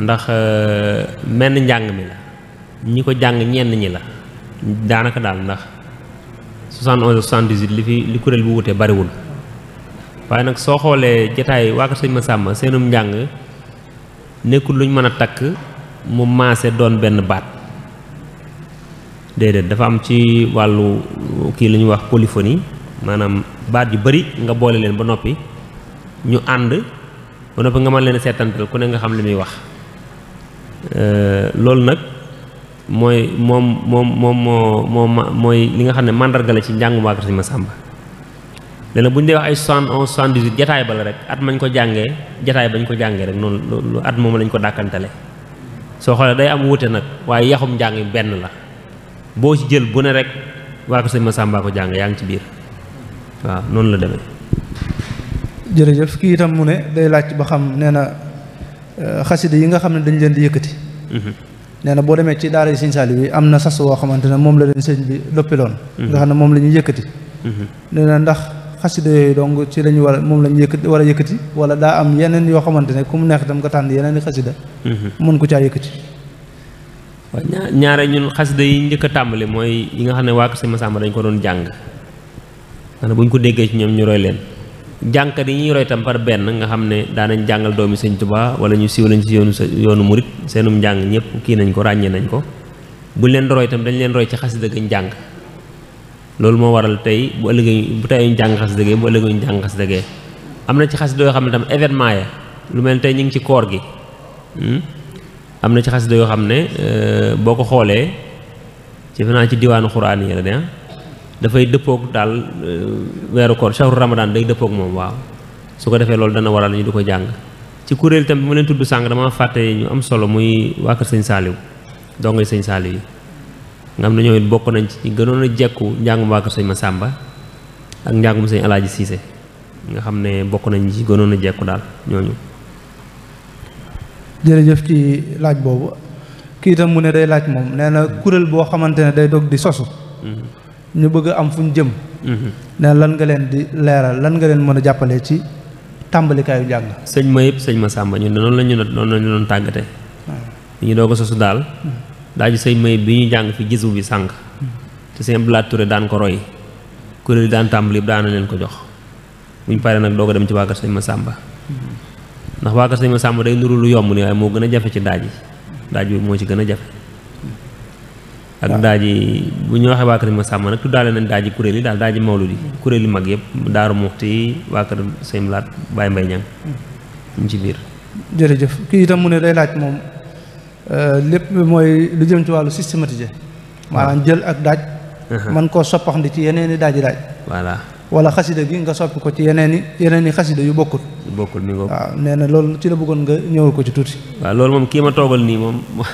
ndax euh, menn njàng mi la ñi ko jàng ñenn ñi la daanaka daal ndax soixante-onze soixante-dix-huit li fi li kuréel bu wutee bariwul waaye nak sohole xoolee jataay waa kër sëñ ma sàmm seenum jang nekul luñu mëna tak mu maase doon ben baat déedéet dafa am ci walu ki lu wax polyphonie manam baat yu bari nga boole len ba nopi ñu and ba nopi nga mën len sétantal ku ne nga xam limi wax euh lool nak moy mom mom mom moo moy li nga xamne mandarga la ci jangum wa ko ma dana bu ñu dee wax ay soixante onze soixante dix huit jataay ba la rek at mañ ko jàngee jataay bañ ko jàngee rek noonu lu at moom lañ ko dàkkantale soo xoolee day am wuute nag waaye yaxum njàng benn la boo ci jël bu rek waa ko sëñ Masamba ko jàng yaa ci biir waaw noonu la demee. jërëjëf itam mu ne day laaj ba xam nee na euh, xasida yi nga xam ne leen di yëkkati. Mhm. nee na boo demee ci daara Sëñ Saaliw am na sas woo xamante ne moom la leen sëñ bi loppiloon. Mhm. nga xam ne moom lañuy ñuy yëkkati. Mhm. ndax. xasida yooyu donc ci lañu war a moom lañu yëkkati war a yëkkati wala daa am yeneen yoo xamante ne ku mu neex itam nga tànn yeneen i xasida mën mhm. ko caa yëkkati waaw ñaare ñun xasida yi njëkk tàmbali mooy yi nga xam ne waa Kër Masamba dañ ko doon jàng xanaa bu ñu ko déggee ci ñoom ñu leen jàngkat yi ñuy roy par benn nga xam ne daanañ jàngal doomi sëñ Tuubaa wala ñu siiw lañ ci yoonu yoonu murit seenum njàng ñëpp kii nañ ko ràññee nañ ko bu leen roy tam dañ leen roy ci xasida gañ jàng loolu moo waral tey bu ëllëgee bu tey ñu jàng xasida gi bu ëllëgee ñu am na ci xasida yoo xam ne tam événement ya lu mel ne tey ñu ngi ci koor gi hmm? am na ci xasida yoo xam ne euh, boo ko xoolee ci fi ci diwaanu xuraan yi la de ah, dafay dëppoog daal euh, weeru koor shahru ramadan day dëppoog moom waaw su ko defee loolu dana waral ñu du ko jàng ci kuréel tam bi ma leen tudd sàng dama fàtte ñu am solo muy waa kër sëñ saaliw dongay sëñ saaliw yi nga xam ne ñoom it bokk nañ ci gënoon a jekku njàngum waa kër sëñ Masamba ak njàngum sëñ Alaaji Siise nga xam ne bokk nañ ci gënoon a jekku daal ñooñu. jërëjëf ci laaj boobu kii itam mu ne day laaj moom nee na kuréel boo xamante ne day dog di sosu. Mhm. ñu bëgg am fu ñu jëm. Mhm. nee lan nga leen di leeral lan nga leen mën a jàppale ci tàmbalikaayu jàng. sëñ ma yëpp sëñ Masamba ñun de noonu la ñu doon noonu la ñu doon tàggate. Ah. ñu doog a sosu daal. Hmm. daaju sey may biñu jang fi gisu bi sank te sey Abdoulaye Touré dan ko roy kuréel dan daan tàmbali daana leen ko jox bu paré nak nag dem ci waa sey ma samba ndax waa sey ma samba day nuru lu yom ni waaye moo gën a ci daaj yi mo ci gëna jafé ak daaj buñu waxe ñu waxee waa kër Massamba nag nañ daaj yi dal yi daal daaj mag yeb daaru muxti sey Ñang ñu ci jere ki itam mu ne day laaj mom Euh, lépp mooy lu jëm ci wàllu systématiser maanaam jël ak daaj uh-huh. man koo soppaxndi ci yeneen i daaji daaj voilà wala xasida gi nga soppi ko ci yeneen i yeneen i xasida yu bokkul bokkul mi waaw nee na loolu ci la bëggoon nga ñëwal ko ci tuuti waaw loolu moom kii ma toogal nii moom <laughs>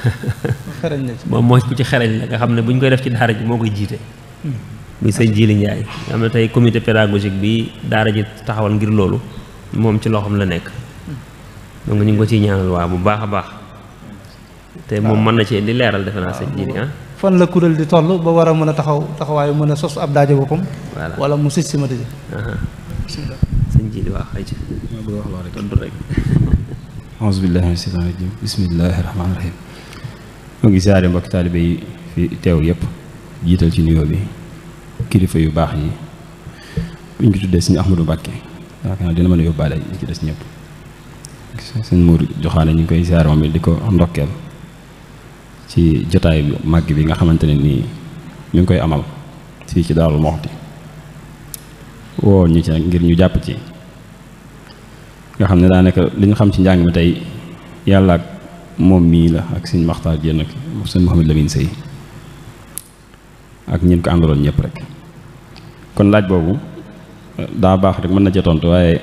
xereñ na ci moom mooy ku ci xereñ la nga xam ne bu ñu koy def ci daara ji moo koy jiite hmm. muy sëñ Jili Njaay am na tey comité pédagogique bi daara ji taxawal ngir loolu moom ci loxoom la nekk hmm. donc ñu ngi ko ciy ñaanal waa bu baax a baax te moom mën na ci indi leeral defe naa sëñ ji fan la kuréel di toll ba war a mën a taxaw taxawaayu mën a sos ab daaje boppam wala mu sij sima dëj sëñ ji di wax ay ci tontu rek <laughs> ngi siyaare mbokk taalibe yi fi teew yëpp jiital ci nuyoo bi kilifa yu baax yi buñ ko tuddee sëñ Ahmadou Mbàkke yaakaar naa dina mën a yóbbaale ñi ci des ñëpp sëñ Mour joxaane ñu ngi koy siyaare moom it di ko ndokkeel ci jotaay bu màgg bi nga xamante ne nii mi ngi koy amal fii ci Daaru Muxti woo ñu ci nag ngir ñu jàpp ci nga xam ne daanaka li ñu xam ci njàng mi tey yàlla ak moom mii la ak sëñ Maxtaar Jéen ak sëñ Mouhamed Lamine Sey ak ñin ko àndaloon ñëpp rek kon laaj boobu eh, daa baax rek mën na jotontu waaye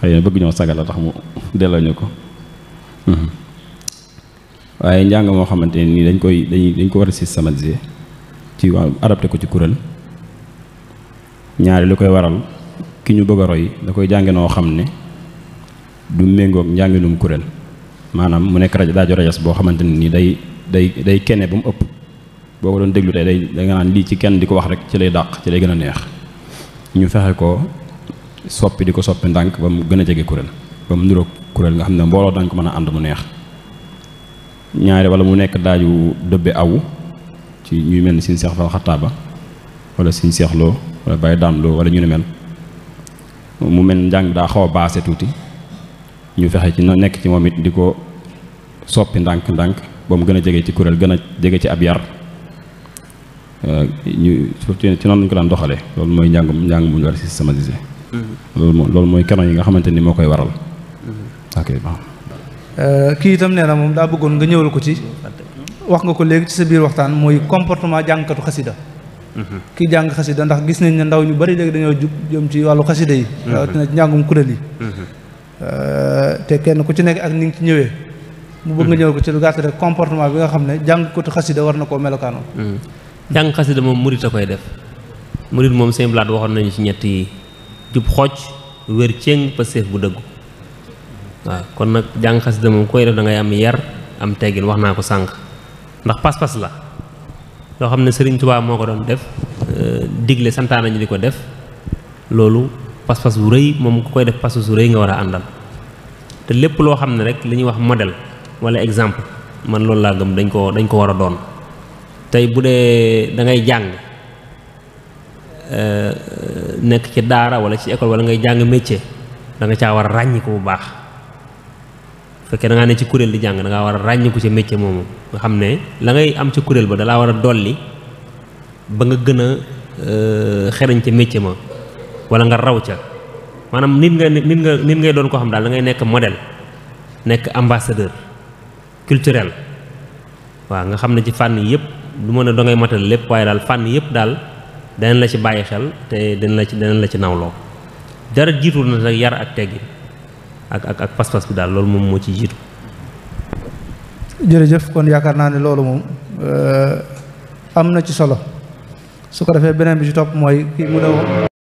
xëy na bëgg ñoo sagal la tax mu delloo ñu ko hmm. waaye njàng moo xamante nii dañ koy dañ dañ ko war a systématiser ci waa adapté ko ci kuréel ñaari lu koy waral ki ñu bëgg a roy da koy jànge noo xam ne du méngoog njànginum kurel maanaam mu nekk rajo daajo rajas boo xamante ne nii day day day kene ba mu ëpp boo ko doon déglu tey day da nga naan lii ci kenn di ko wax rek ci lay dàq ci lay gën a neex ñu fexe ko soppi di ko soppi ndànk ba mu gën a jege kuréel ba mu niroog kuréel nga xam ne mbooloo dañ ko mën a ànd mu neex ñaari wala mu nekk daaju dëbbe awu ci ñuy mel ni suñ seex fal xattaaba wala suñ seexloo wala bay daamloo wala ñu ne mel mu mel njàng daa xaw a baase tuuti ñu fexe ci na nekk ci moom it di ko soppi ndànk-ndànk ba mu gën a jege ci kuréel gën a jege ci ab yar euh, ñu ci noonu lañ ko daan loolu mooy njàngum njàng mu ñu war a systématiser mm-hmm. loolu loolu mooy keno yi nga xamante ni moo koy waral mm-hmm. Euh, kii itam nee na moom daa bëggoon nga ñëwal ko ci wax nga ko léegi ci sa biir waxtaan mooy comportement jàngkatu xasida kii jàng xasida ndax gis nañ ne ndaw ñu bari léegi dañoo jub jëm ci wàllu xasida yi mhm. njàngum kuréel yi mhm. euh, te kenn ku ci nekk ak ni nga ci ñëwee mu bëgg nga mhm. ñëwal ko ci lu gàtt rek comportement bi nga xam ne jàngkatu xasida war na koo melokaanoo jàng xasida moom murit a koy def murit moom seen blaat waxoon nañu ci ñett yi jub xooj wér céng bu dëggu waaw kon nag jàng xasida moom koy def da ngay am yar am teggin wax naa ko sànq ndax pas-pas la loo xam ne Sëriñ Tuubaa moo ko doon def euh, digle santaana ñu di ko def loolu pas-pas bu rëy moom ku koy def pas-pas bu rëy nga war a àndal te lépp loo xam ne rek li ñuy wax modèle walla exemple man loolu laa gëm dañ ko dañ ko war a doon tey bu dee da ngay jàng euh, nekk ci daara walla ci école walla ngay jàng métier da nga caa war a ràññi ko bu baax fekke da nga ne ci kurel di ranyu da nga wara ragn ko ci métier mom nga la ngay am ci kurel ba da la wara doli dolli ba nga gëna euh xerañ ci métier ma wala nga raw ca manam nit nga nit nga nit ngay doon ko xam dal da ngay nek model nek ambassadeur culturel wa nga xam ci fan yépp du mëna da ngay matal lepp way dal yépp dal dañ la ci baye xel te dañ la ci dañ la ci nawlo dara jitu na yar ak ak ak ak pas-pas bi daal loolu moom moo ci jiitu. jërëjëf kon yaakaar naa ne loolu moom euh, am na ci solo su ko defee beneen bi ci topp mooy kii mu ne